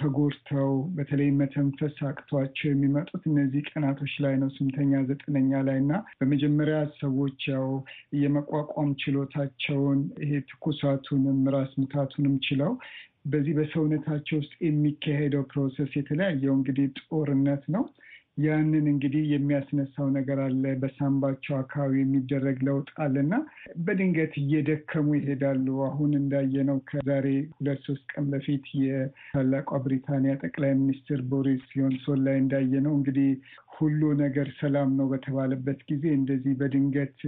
ተጎድተው በተለይ መተንፈስ አቅቷቸው የሚመጡት እነዚህ ቀናቶች ላይ ነው፣ ስምንተኛ ዘጠነኛ ላይ እና በመጀመሪያ ሰዎች ያው የመቋቋም ችሎታቸውን ይሄ ትኩሳቱንም ራስ ምታቱንም ችለው በዚህ በሰውነታቸው ውስጥ የሚካሄደው ፕሮሰስ የተለያየው እንግዲህ ጦርነት ነው ያንን እንግዲህ የሚያስነሳው ነገር አለ። በሳምባቸው አካባቢ የሚደረግ ለውጥ አለና በድንገት እየደከሙ ይሄዳሉ። አሁን እንዳየነው ከዛሬ ሁለት ሶስት ቀን በፊት የታላቋ ብሪታንያ ጠቅላይ ሚኒስትር ቦሪስ ጆንሶን ላይ እንዳየነው እንግዲህ ሁሉ ነገር ሰላም ነው በተባለበት ጊዜ እንደዚህ በድንገት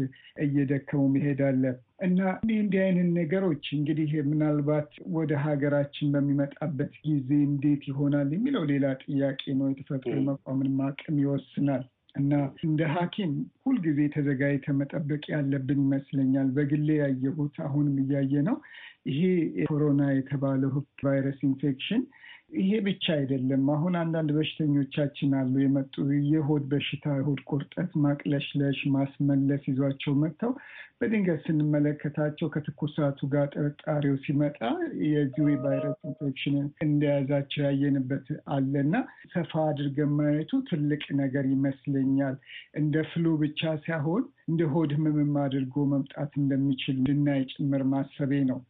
እየደከሙ መሄድ አለ እና እንዲህ እንዲህ አይነት ነገሮች እንግዲህ ምናልባት ወደ ሀገራችን በሚመጣበት ጊዜ እንዴት ይሆናል የሚለው ሌላ ጥያቄ ነው። የተፈጥሮ መቋምን ማቅም ይወስናል። እና እንደ ሐኪም ሁልጊዜ ተዘጋጅተ መጠበቅ ያለብን ይመስለኛል። በግሌ ያየሁት አሁንም እያየ ነው። ይሄ ኮሮና የተባለው ቫይረስ ኢንፌክሽን ይሄ ብቻ አይደለም። አሁን አንዳንድ በሽተኞቻችን አሉ የመጡ የሆድ በሽታ፣ የሆድ ቁርጠት፣ ማቅለሽለሽ፣ ማስመለስ ይዟቸው መጥተው በድንገት ስንመለከታቸው ከትኩሳቱ ጋር ጥርጣሬው ሲመጣ የጁሪ ቫይረስ ኢንፌክሽን እንደያዛቸው ያየንበት አለና ሰፋ አድርገን ማየቱ ትልቅ ነገር ይመስለኛል። እንደ ፍሉ ብቻ ሳይሆን እንደ ሆድ ህመምም አድርጎ መምጣት እንደሚችል ልናይ ጭምር ማሰቤ ነው።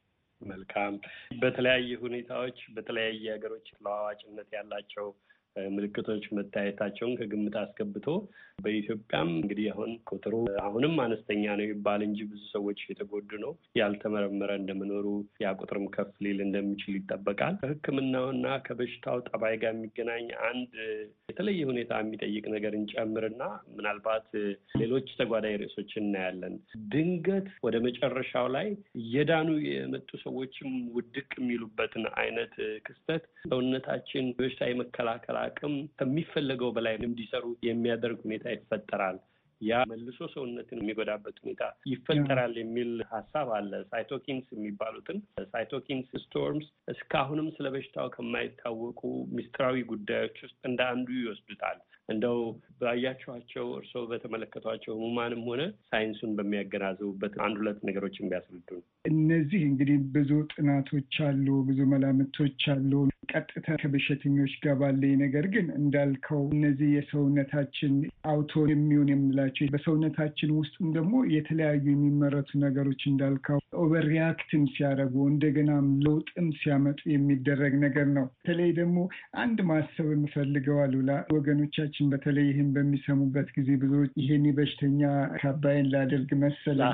መልካም። በተለያየ ሁኔታዎች በተለያየ ሀገሮች ተለዋዋጭነት ያላቸው ምልክቶች መታየታቸውን ከግምት አስገብቶ በኢትዮጵያም እንግዲህ አሁን ቁጥሩ አሁንም አነስተኛ ነው ይባል እንጂ ብዙ ሰዎች የተጎዱ ነው። ያልተመረመረ እንደመኖሩ ያ ቁጥርም ከፍ ሊል እንደሚችል ይጠበቃል። ከሕክምናውና ከበሽታው ጠባይ ጋር የሚገናኝ አንድ የተለየ ሁኔታ የሚጠይቅ ነገር እንጨምርና ምናልባት ሌሎች ተጓዳኝ ርዕሶች እናያለን። ድንገት ወደ መጨረሻው ላይ እየዳኑ የመጡ ሰዎችም ውድቅ የሚሉበትን አይነት ክስተት ሰውነታችን በሽታ የመከላከል አቅም ከሚፈለገው በላይ እንዲሰሩ የሚያደርግ ሁኔታ ይፈጠራል። ያ መልሶ ሰውነትን የሚጎዳበት ሁኔታ ይፈጠራል የሚል ሀሳብ አለ። ሳይቶኪንስ የሚባሉትን ሳይቶኪንስ ስቶርምስ እስካሁንም ስለ በሽታው ከማይታወቁ ሚስጥራዊ ጉዳዮች ውስጥ እንደ አንዱ ይወስዱታል። እንደው ባያችኋቸው እርስዎ በተመለከቷቸው ህሙማንም ሆነ ሳይንሱን በሚያገናዝቡበት አንድ ሁለት ነገሮችን ቢያስረዱን። እነዚህ እንግዲህ ብዙ ጥናቶች አሉ፣ ብዙ መላምቶች አሉ። ቀጥታ ከበሽተኞች ጋር ባለኝ ነገር ግን እንዳልከው እነዚህ የሰውነታችን አውቶ የሚሆን የምንላቸው በሰውነታችን ውስጥም ደግሞ የተለያዩ የሚመረቱ ነገሮች እንዳልከው ኦቨርሪያክትም ሲያደርጉ እንደገናም ለውጥም ሲያመጡ የሚደረግ ነገር ነው። በተለይ ደግሞ አንድ ማሰብ የምፈልገው አሉላ ወገኖቻችን በተለይ ይህን በሚሰሙበት ጊዜ ብዙዎች ይሄኔ በሽተኛ ካባይን ላደርግ መሰለኝ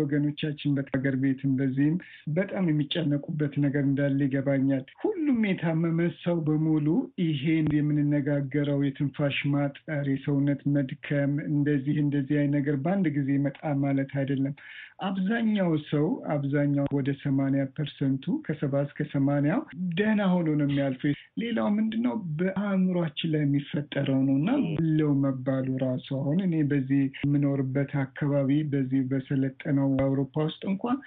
ወገኖቻችን በሀገር ቤትም በዚህም በጣም የሚጨነቁበት ነገር እንዳለ ይገባኛል። ሁሉም የታመመ ሰው በሙሉ ይሄን የምንነጋገረው የትንፋሽ ማጠር፣ የሰውነት መድከም እንደዚህ እንደዚህ አይነት ነገር በአንድ ጊዜ መጣ ማለት አይደለም። አብዛኛው ሰው አብዛኛው ወደ ሰማንያ ፐርሰንቱ ከሰባ እስከ ሰማንያው ደህና ሆኖ ነው የሚያልፈው። ሌላው ምንድነው በአእምሯችን ላይ የሚፈጠረው ነው እና ለው መባሉ ራሱ አሁን እኔ በዚህ የምኖርበት አካባቢ በዚህ በሰለጠነው አውሮፓ ውስጥ እንኳን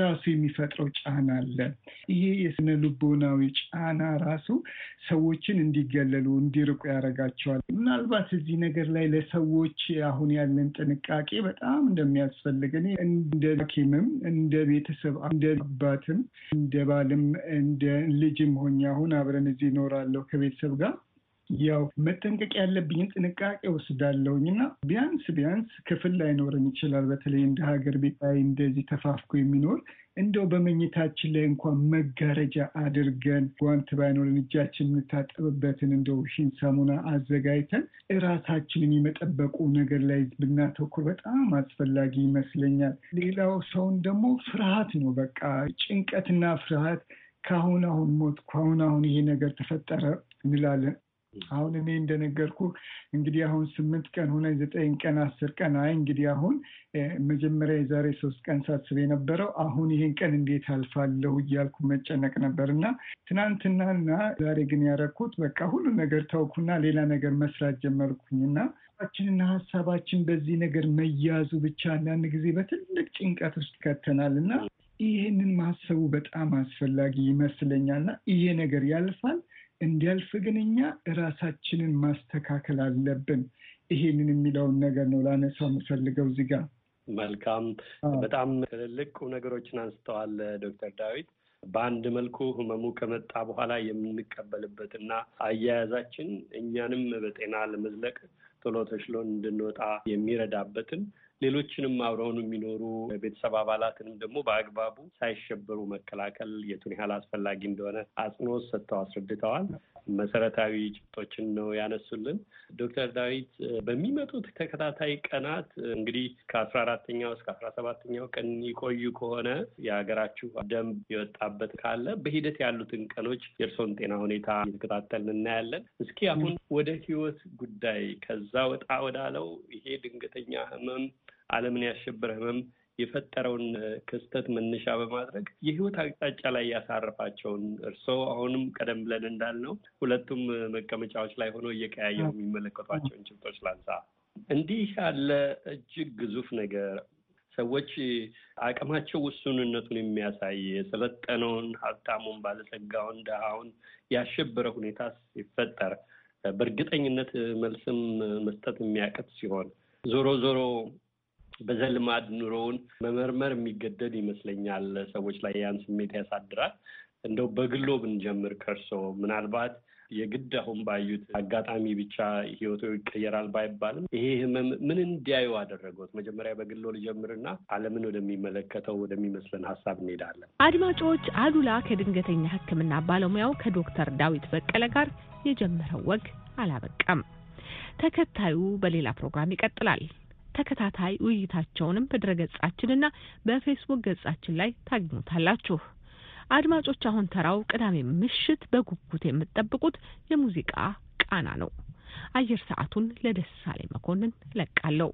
ራሱ የሚፈጥረው ጫና አለ። ይሄ የስነ ልቦናዊ ጫና ራሱ ሰዎችን እንዲገለሉ እንዲርቁ ያደርጋቸዋል። ምናልባት እዚህ ነገር ላይ ለሰዎች አሁን ያለን ጥንቃቄ በጣም እንደሚያስፈልግ እኔ እንደ ሐኪምም እንደ ቤተሰብ እንደ አባትም እንደ ባልም እንደ ልጅም ሆኜ አሁን አብረን እዚህ እኖራለሁ ከቤተሰብ ጋር ያው መጠንቀቅ ያለብኝን ጥንቃቄ ወስዳለውኝ እና ቢያንስ ቢያንስ ክፍል ላይኖረን ይችላል። በተለይ እንደ ሀገር ቤት ላይ እንደዚህ ተፋፍኮ የሚኖር እንደው በመኝታችን ላይ እንኳን መጋረጃ አድርገን ጓንት ባይኖርን እጃችን የምታጠብበትን እንደው ሺን ሳሙና አዘጋጅተን እራሳችንን የመጠበቁ ነገር ላይ ብናተኩር በጣም አስፈላጊ ይመስለኛል። ሌላው ሰውን ደግሞ ፍርሃት ነው። በቃ ጭንቀትና ፍርሃት ከአሁን አሁን ሞት ከአሁን አሁን ይሄ ነገር ተፈጠረ እንላለን። አሁን እኔ እንደነገርኩ እንግዲህ አሁን ስምንት ቀን ሆነ ዘጠኝ ቀን አስር ቀን አይ እንግዲህ አሁን መጀመሪያ የዛሬ ሶስት ቀን ሳስብ የነበረው አሁን ይሄን ቀን እንዴት አልፋለሁ እያልኩ መጨነቅ ነበር እና ትናንትናና ዛሬ ግን ያረኩት በቃ ሁሉ ነገር ተውኩና ሌላ ነገር መስራት ጀመርኩኝና ችንና ሀሳባችን በዚህ ነገር መያዙ ብቻ አንዳንድ ጊዜ በትልቅ ጭንቀት ውስጥ ከተናል እና ይህንን ማሰቡ በጣም አስፈላጊ ይመስለኛልና ይሄ ነገር ያልፋል እንዲያልፍ ግን እኛ እራሳችንን ማስተካከል አለብን። ይሄንን የሚለውን ነገር ነው ላነሳው የምፈልገው እዚህ ጋር። መልካም በጣም ትልልቅ ቁም ነገሮችን አንስተዋል ዶክተር ዳዊት። በአንድ መልኩ ህመሙ ከመጣ በኋላ የምንቀበልበትና አያያዛችን እኛንም በጤና ለመዝለቅ ቶሎ ተሽሎ እንድንወጣ የሚረዳበትን ሌሎችንም አብረውን የሚኖሩ ቤተሰብ አባላትንም ደግሞ በአግባቡ ሳይሸበሩ መከላከል የቱን ያህል አስፈላጊ እንደሆነ አጽንኦት ሰጥተው አስረድተዋል። መሰረታዊ ጭብጦችን ነው ያነሱልን። ዶክተር ዳዊት በሚመጡት ተከታታይ ቀናት እንግዲህ ከአስራ አራተኛው እስከ አስራ ሰባተኛው ቀን ይቆዩ ከሆነ የሀገራችሁ ደንብ የወጣበት ካለ በሂደት ያሉትን ቀኖች የእርስዎን ጤና ሁኔታ እየተከታተልን እናያለን። እስኪ አሁን ወደ ህይወት ጉዳይ ከዛ ወጣ ወዳለው ይሄ ድንገተኛ ህመም ዓለምን ያሸበረ ህመም የፈጠረውን ክስተት መነሻ በማድረግ የህይወት አቅጣጫ ላይ ያሳረፋቸውን እርስዎ አሁንም ቀደም ብለን እንዳልነው ሁለቱም መቀመጫዎች ላይ ሆኖ እየቀያየው የሚመለከቷቸውን ጭብጦች ላንሳ። እንዲህ ያለ እጅግ ግዙፍ ነገር ሰዎች አቅማቸው ውሱንነቱን የሚያሳይ የሰለጠነውን፣ ሀብታሙን፣ ባለጸጋውን፣ ድሃውን ያሸበረ ሁኔታ ሲፈጠር በእርግጠኝነት መልስም መስጠት የሚያቅት ሲሆን ዞሮ ዞሮ በዘልማድ ኑሮውን መመርመር የሚገደድ ይመስለኛል። ሰዎች ላይ ያን ስሜት ያሳድራል። እንደው በግሎ ብንጀምር ከርሶ ምናልባት የግድ አሁን ባዩት አጋጣሚ ብቻ ህይወቶ ይቀየራል ባይባልም ይሄ ህመም ምን እንዲያዩ አደረጉት? መጀመሪያ በግሎ ልጀምርና ዓለምን ወደሚመለከተው ወደሚመስለን ሀሳብ እንሄዳለን። አድማጮች፣ አሉላ ከድንገተኛ ሕክምና ባለሙያው ከዶክተር ዳዊት በቀለ ጋር የጀመረው ወግ አላበቃም። ተከታዩ በሌላ ፕሮግራም ይቀጥላል። ተከታታይ ውይይታቸውንም በድረገጻችንና በፌስቡክ ገጻችን ላይ ታግኙታላችሁ። አድማጮች፣ አሁን ተራው ቅዳሜ ምሽት በጉጉት የምትጠብቁት የሙዚቃ ቃና ነው። አየር ሰዓቱን ለደሳሌ መኮንን እለቃለሁ።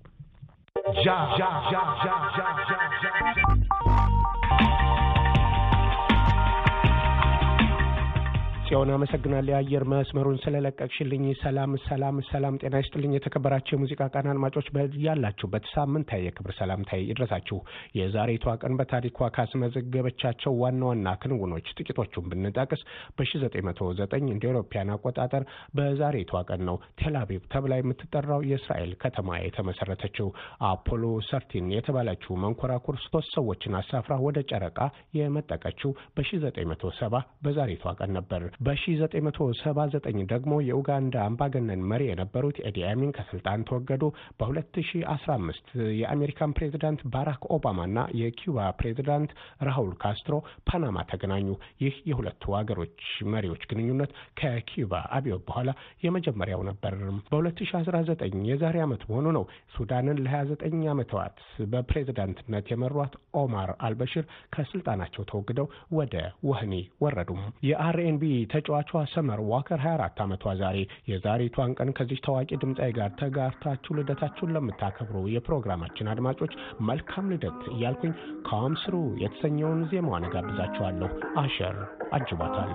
ጽዮን አመሰግናለሁ። የአየር መስመሩን ስለለቀቅሽልኝ። ሰላም ሰላም ሰላም፣ ጤና ይስጥልኝ። የተከበራቸው የሙዚቃ ቃና አድማጮች ያላችሁበት ሳምንታዊ የክብር ሰላምታዬ ይድረሳችሁ። የዛሬቷ ቀን በታሪኳ ካስመዘገበቻቸው ዋና ዋና ክንውኖች ጥቂቶቹን ብንጠቅስ በ1909 እንደ ኤሮፓያን አቆጣጠር በዛሬቷ ቀን ነው ቴላቪቭ ተብላ የምትጠራው የእስራኤል ከተማ የተመሰረተችው። አፖሎ ሰርቲን የተባለችው መንኮራኩር ሶስት ሰዎችን አሳፍራ ወደ ጨረቃ የመጠቀችው በ1970 በዛሬቷ ቀን ነበር። በ1979 ደግሞ የኡጋንዳ አምባገነን መሪ የነበሩት ኤዲ አሚን ከስልጣን ተወገዱ። በ2015 የአሜሪካን ፕሬዚዳንት ባራክ ኦባማና የኪዩባ ፕሬዚዳንት ራውል ካስትሮ ፓናማ ተገናኙ። ይህ የሁለቱ ሀገሮች መሪዎች ግንኙነት ከኪዩባ አብዮት በኋላ የመጀመሪያው ነበር። በ2019 የዛሬ ዓመት መሆኑ ነው ሱዳንን ለ29 ዓመታት በፕሬዝዳንትነት የመሯት ኦማር አልበሽር ከስልጣናቸው ተወግደው ወደ ወህኒ ወረዱም። የአርኤንቢ ተጫዋቿ ሰመር ዋከር 24 ዓመቷ ዛሬ የዛሬቷን ቀን ከዚህ ታዋቂ ድምፃዊ ጋር ተጋርታችሁ ልደታችሁን ለምታከብሩ የፕሮግራማችን አድማጮች መልካም ልደት እያልኩኝ ካም ስሩ የተሰኘውን ዜማዋን ጋብዛችኋለሁ። አሸር አጅቧታል።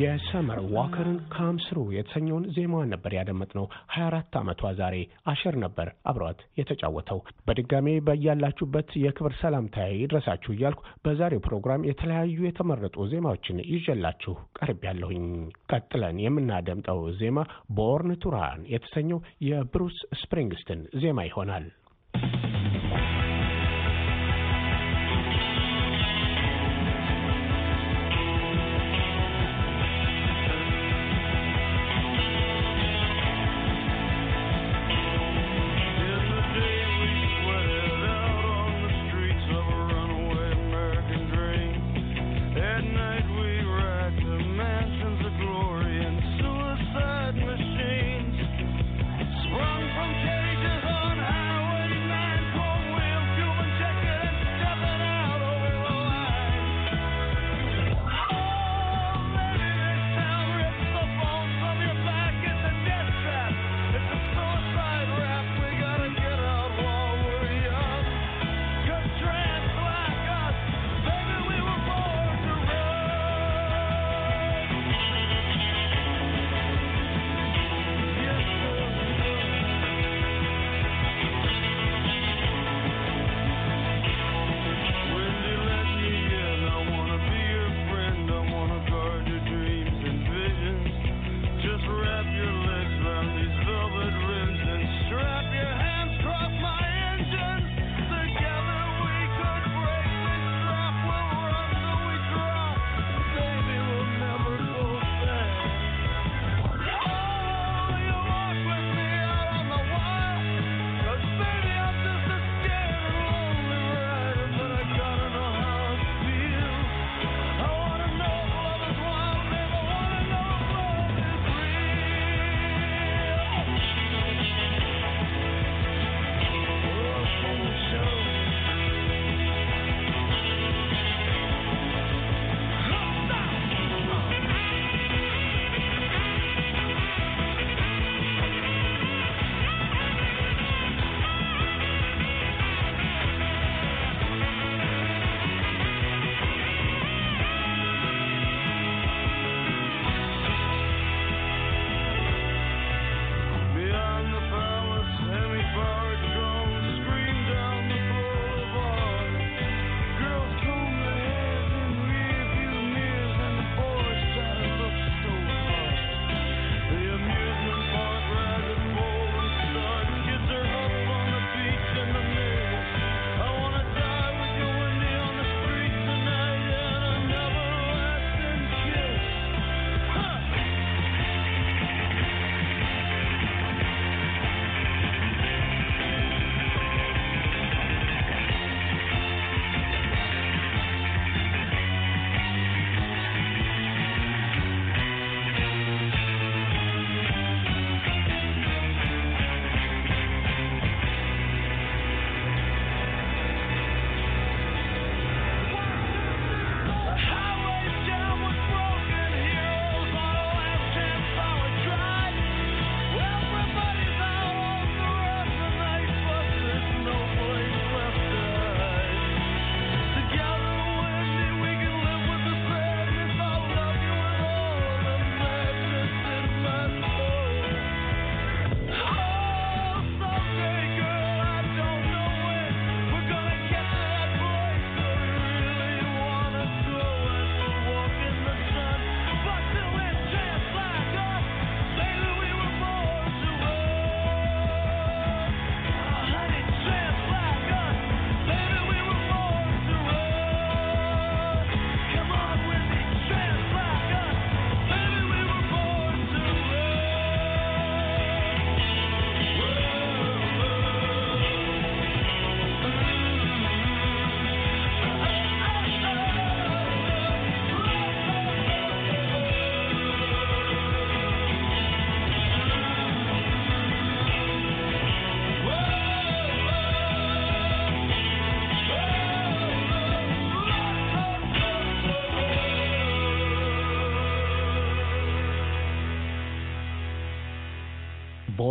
የሰመር ዋከርን ካምስሩ የተሰኘውን ዜማዋን ነበር ያደመጥነው። 24 ዓመቷ ዛሬ አሸር ነበር አብሯት የተጫወተው። በድጋሜ በያላችሁበት የክብር ሰላምታ ይድረሳችሁ እያልኩ በዛሬው ፕሮግራም የተለያዩ የተመረጡ ዜማዎችን ይዤላችሁ ያለሁኝ። ቀጥለን የምናደምጠው ዜማ ቦርን ቱራን የተሰኘው የብሩስ ስፕሪንግስትን ዜማ ይሆናል።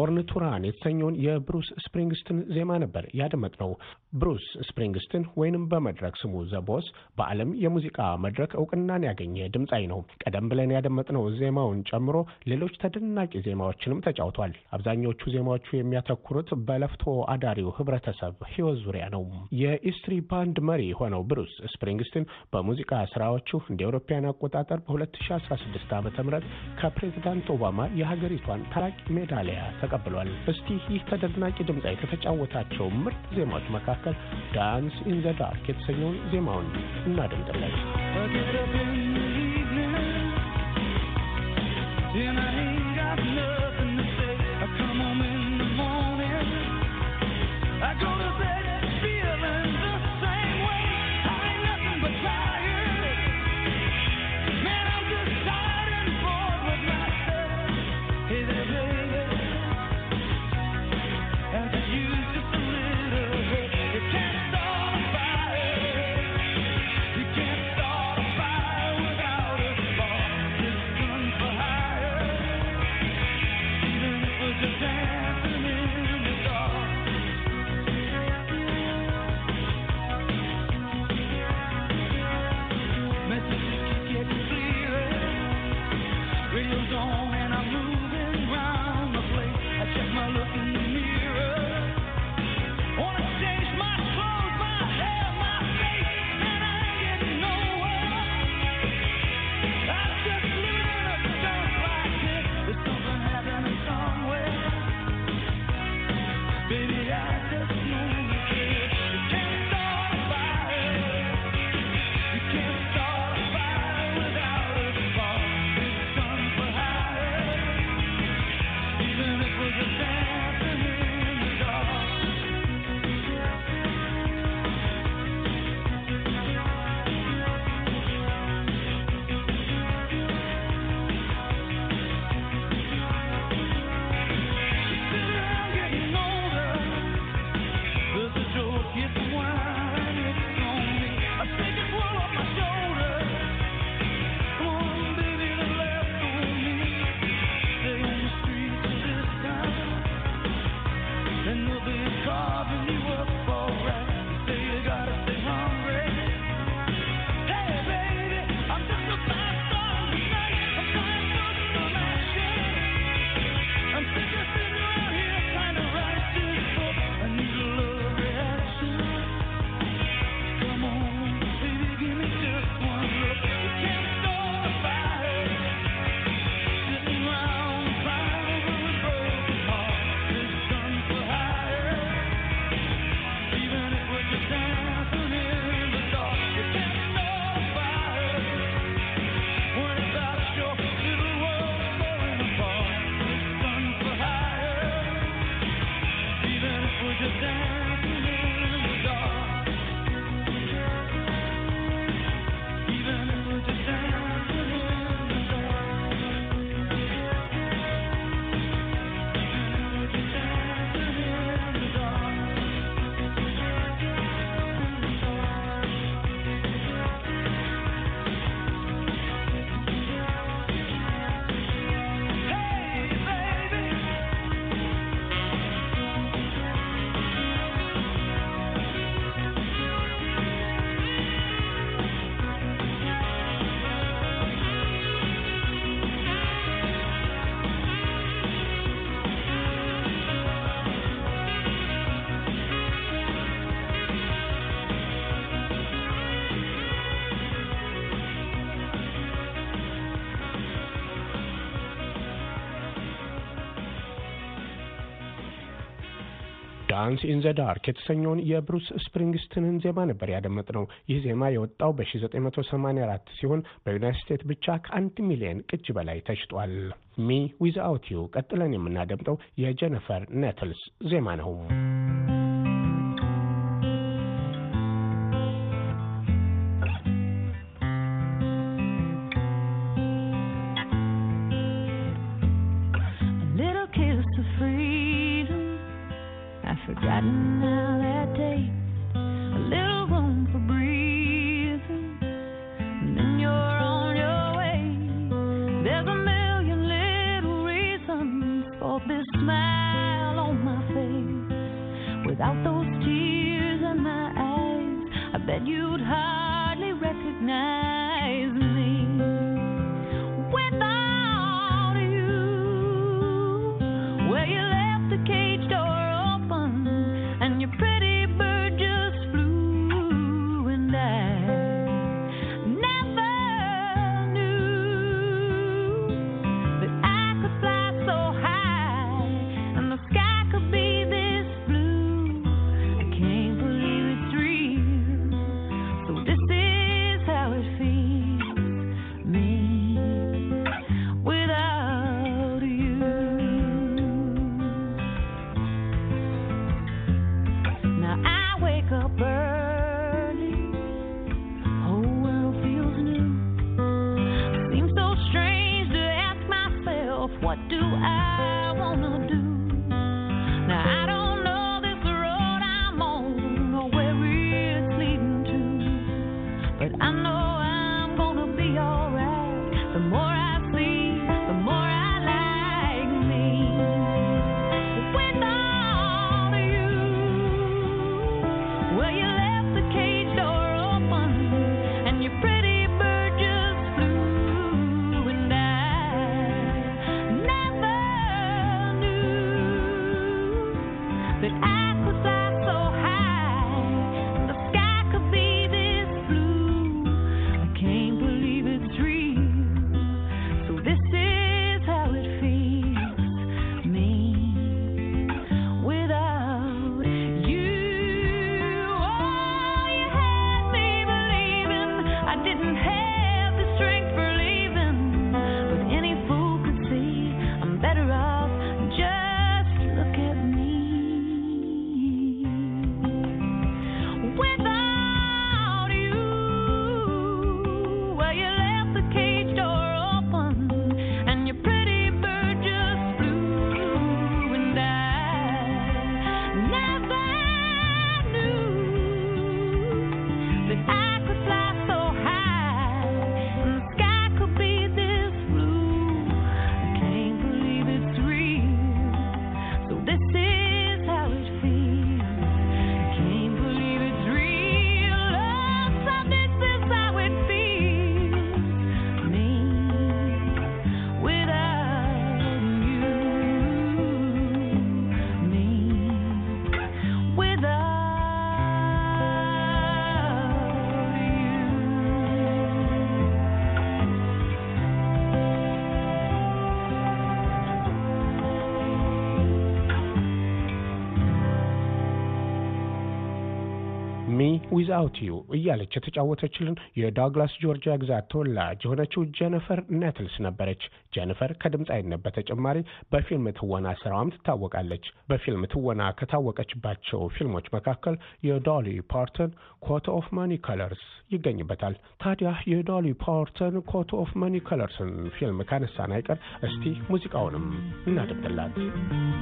ቦርን ቱራን የተሰኘውን የብሩስ ስፕሪንግስትን ዜማ ነበር ያደመጥነው። ብሩስ ስፕሪንግስትን ወይንም በመድረክ ስሙ ዘቦስ በዓለም የሙዚቃ መድረክ እውቅናን ያገኘ ድምፃዊ ነው። ቀደም ብለን ያደመጥነው ዜማውን ጨምሮ ሌሎች ተደናቂ ዜማዎችንም ተጫውቷል። አብዛኞቹ ዜማዎቹ የሚያተኩሩት በለፍቶ አዳሪው ህብረተሰብ ህይወት ዙሪያ ነው። የኢስትሪ ባንድ መሪ የሆነው ብሩስ ስፕሪንግስትን በሙዚቃ ስራዎቹ እንደ አውሮፓውያን አቆጣጠር በ2016 ዓ ም ከፕሬዚዳንት ኦባማ የሀገሪቷን ታላቅ ሜዳሊያ ተቀ ተቀብሏል። እስቲ ይህ ተደናቂ ድምፃዊ ከተጫወታቸው ምርጥ ዜማዎች መካከል ዳንስ ኢን ዘ ዳርክ የተሰኘውን ዜማውን እናደምጥለን። ዳንስ ኢን ዘ ዳርክ የተሰኘውን የብሩስ ስፕሪንግስትንን ዜማ ነበር ያደመጥነው። ይህ ዜማ የወጣው በ1984 ሲሆን በዩናይት ስቴትስ ብቻ ከአንድ ሚሊዮን ቅጅ በላይ ተሽጧል። ሚ ዊዝ ዩ ቀጥለን የምናደምጠው የጀነፈር ነትልስ ዜማ ነው። ዊዛውት ዩ እያለች የተጫወተችልን የዳግላስ ጆርጂያ ግዛት ተወላጅ የሆነችው ጀኒፈር ነትልስ ነበረች። ጀኒፈር ከድምፃዊነት በተጨማሪ በፊልም ትወና ስራዋም ትታወቃለች። በፊልም ትወና ከታወቀችባቸው ፊልሞች መካከል የዶሊ ፓርተን ኮት ኦፍ መኒ ከለርስ ይገኝበታል። ታዲያ የዶሊ ፓርተን ኮት ኦፍ መኒ ከለርስን ፊልም ካነሳን አይቀር እስቲ ሙዚቃውንም እናድምጥላት።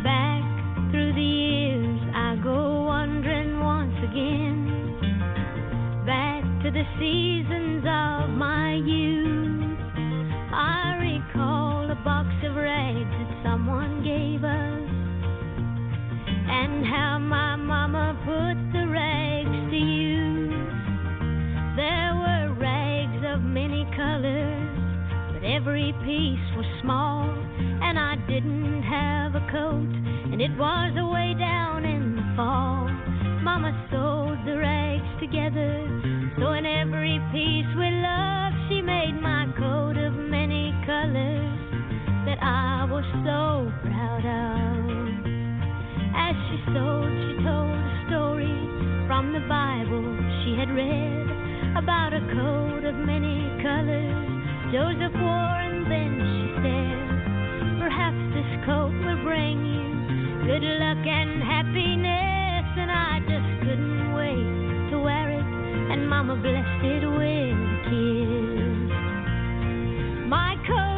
Back through the years I go wandering once again the seasons of my youth. I recall a box of rags that someone gave us, and how my mama put the rags to use. There were rags of many colors, but every piece was small, and I didn't have a coat, and it was away down in the fall. Mama sewed the rags together. So in every piece with love, she made my coat of many colors that I was so proud of. As she sewed, she told a story from the Bible she had read about a coat of many colors Joseph wore, and then she said, Perhaps this coat will bring you good luck and happiness and I just couldn't wait to wear it. And Mama blessed it with a kiss. My coat.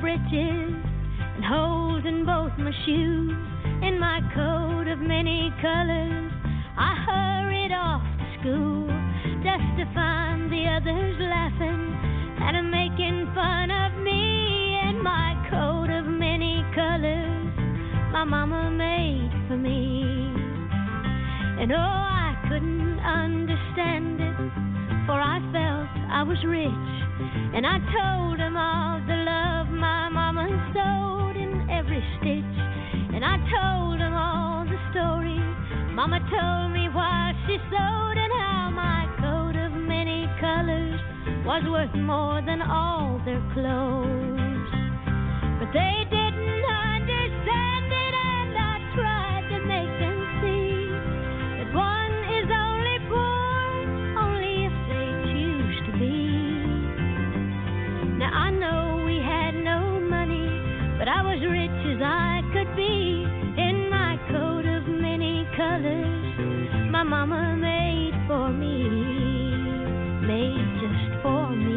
breeches and holes in both my shoes and my coat of many colors. I hurried off to school just to find the others laughing and making fun of me and my coat of many colors my mama made for me. And oh, I couldn't understand it, for I felt I was rich and I told them all stitch. And I told him all the story. Mama told me why she sewed and how my coat of many colors was worth more than all their clothes. But they mama made for me, made just for me.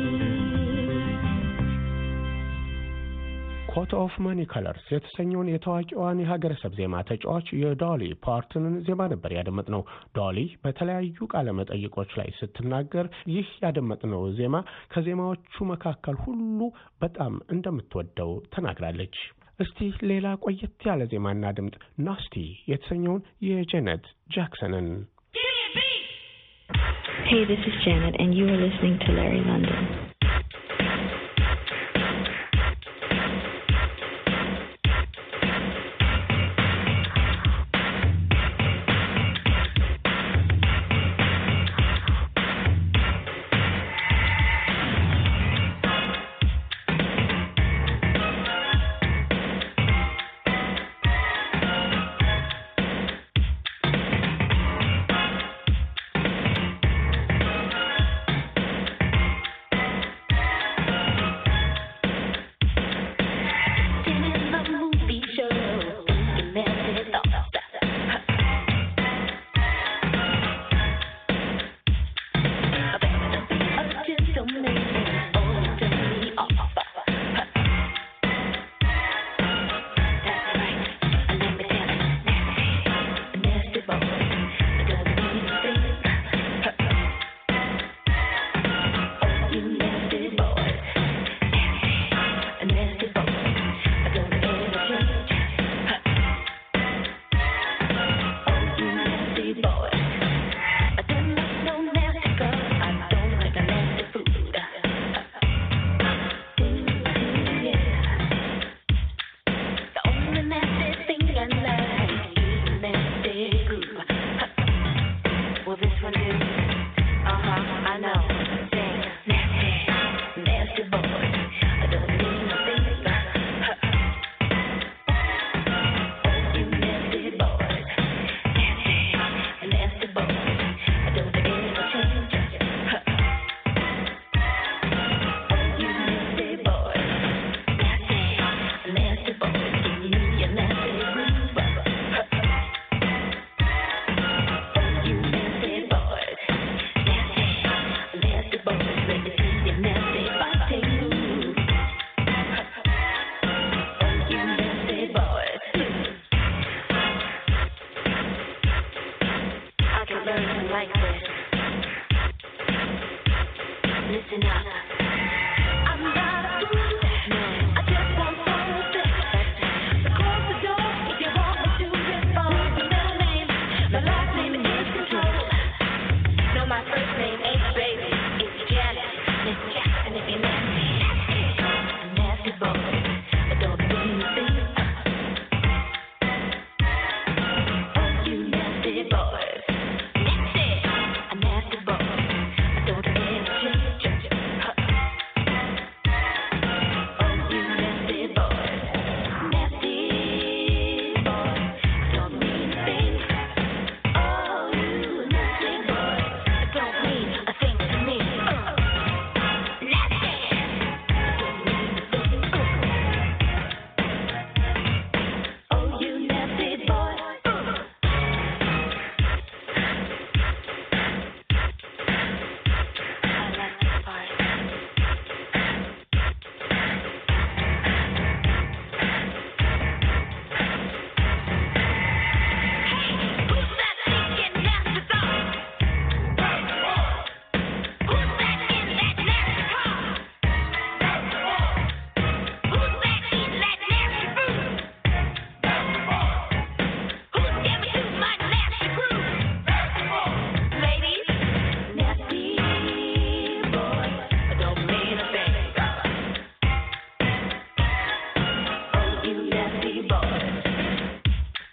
ኮት ኦፍ ማኒ ከለርስ የተሰኘውን የታዋቂዋን የሀገረሰብ ዜማ ተጫዋች የዶሊ ፓርትንን ዜማ ነበር ያደመጥነው። ዶሊ በተለያዩ ቃለ መጠይቆች ላይ ስትናገር ይህ ያደመጥነው ዜማ ከዜማዎቹ መካከል ሁሉ በጣም እንደምትወደው ተናግራለች። እስቲ ሌላ ቆየት ያለ ዜማ እናድምጥ። ናስቲ የተሰኘውን የጀነት ጃክሰንን Hey, this is Janet, and you are listening to Larry London.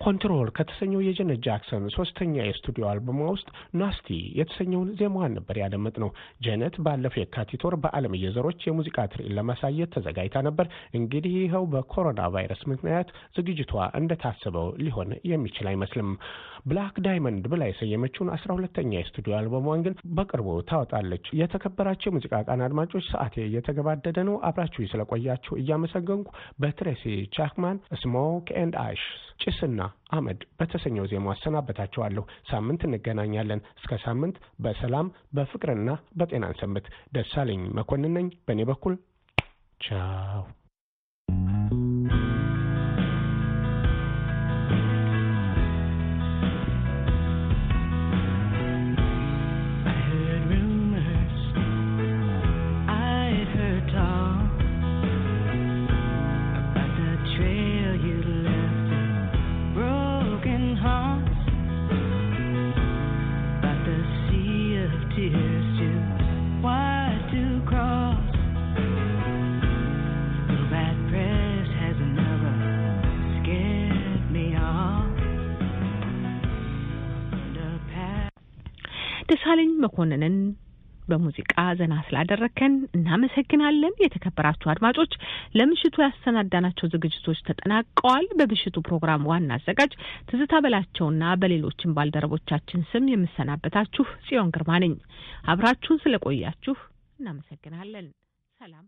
ኮንትሮል ከተሰኘው የጀነት ጃክሰን ሶስተኛ የስቱዲዮ አልበማ ውስጥ ናስቲ የተሰኘውን ዜማዋን ነበር ያደመጥ ነው። ጀነት ባለፈው የካቲት ወር በዓለም የዘሮች የሙዚቃ ትርኢት ለማሳየት ተዘጋጅታ ነበር። እንግዲህ ይኸው በኮሮና ቫይረስ ምክንያት ዝግጅቷ እንደታሰበው ሊሆን የሚችል አይመስልም። ብላክ ዳይመንድ ብላ የሰየመችውን አስራ ሁለተኛ የስቱዲዮ አልበሟን ግን በቅርቡ ታወጣለች። የተከበራቸው የሙዚቃ ቃን አድማጮች ሰዓቴ እየተገባደደ ነው። አብራችሁ ስለቆያችሁ እያመሰገንኩ በትሬሲ ቻክማን ስሞክ ኤንድ አሽ ጭስና አመድ በተሰኘው ዜማ አሰናበታችኋለሁ። ሳምንት እንገናኛለን። እስከ ሳምንት በሰላም በፍቅርና በጤናን ሰንብት። ደሳለኝ መኮንን ነኝ። በእኔ በኩል ቻው። ደሳለኝ መኮንንን በሙዚቃ ዘና ስላደረከን እናመሰግናለን። የተከበራችሁ አድማጮች ለምሽቱ ያሰናዳናቸው ዝግጅቶች ተጠናቀዋል። በምሽቱ ፕሮግራም ዋና አዘጋጅ ትዝታ በላቸውና በሌሎችም ባልደረቦቻችን ስም የምሰናበታችሁ ጽዮን ግርማ ነኝ። አብራችሁን ስለቆያችሁ እናመሰግናለን። ሰላም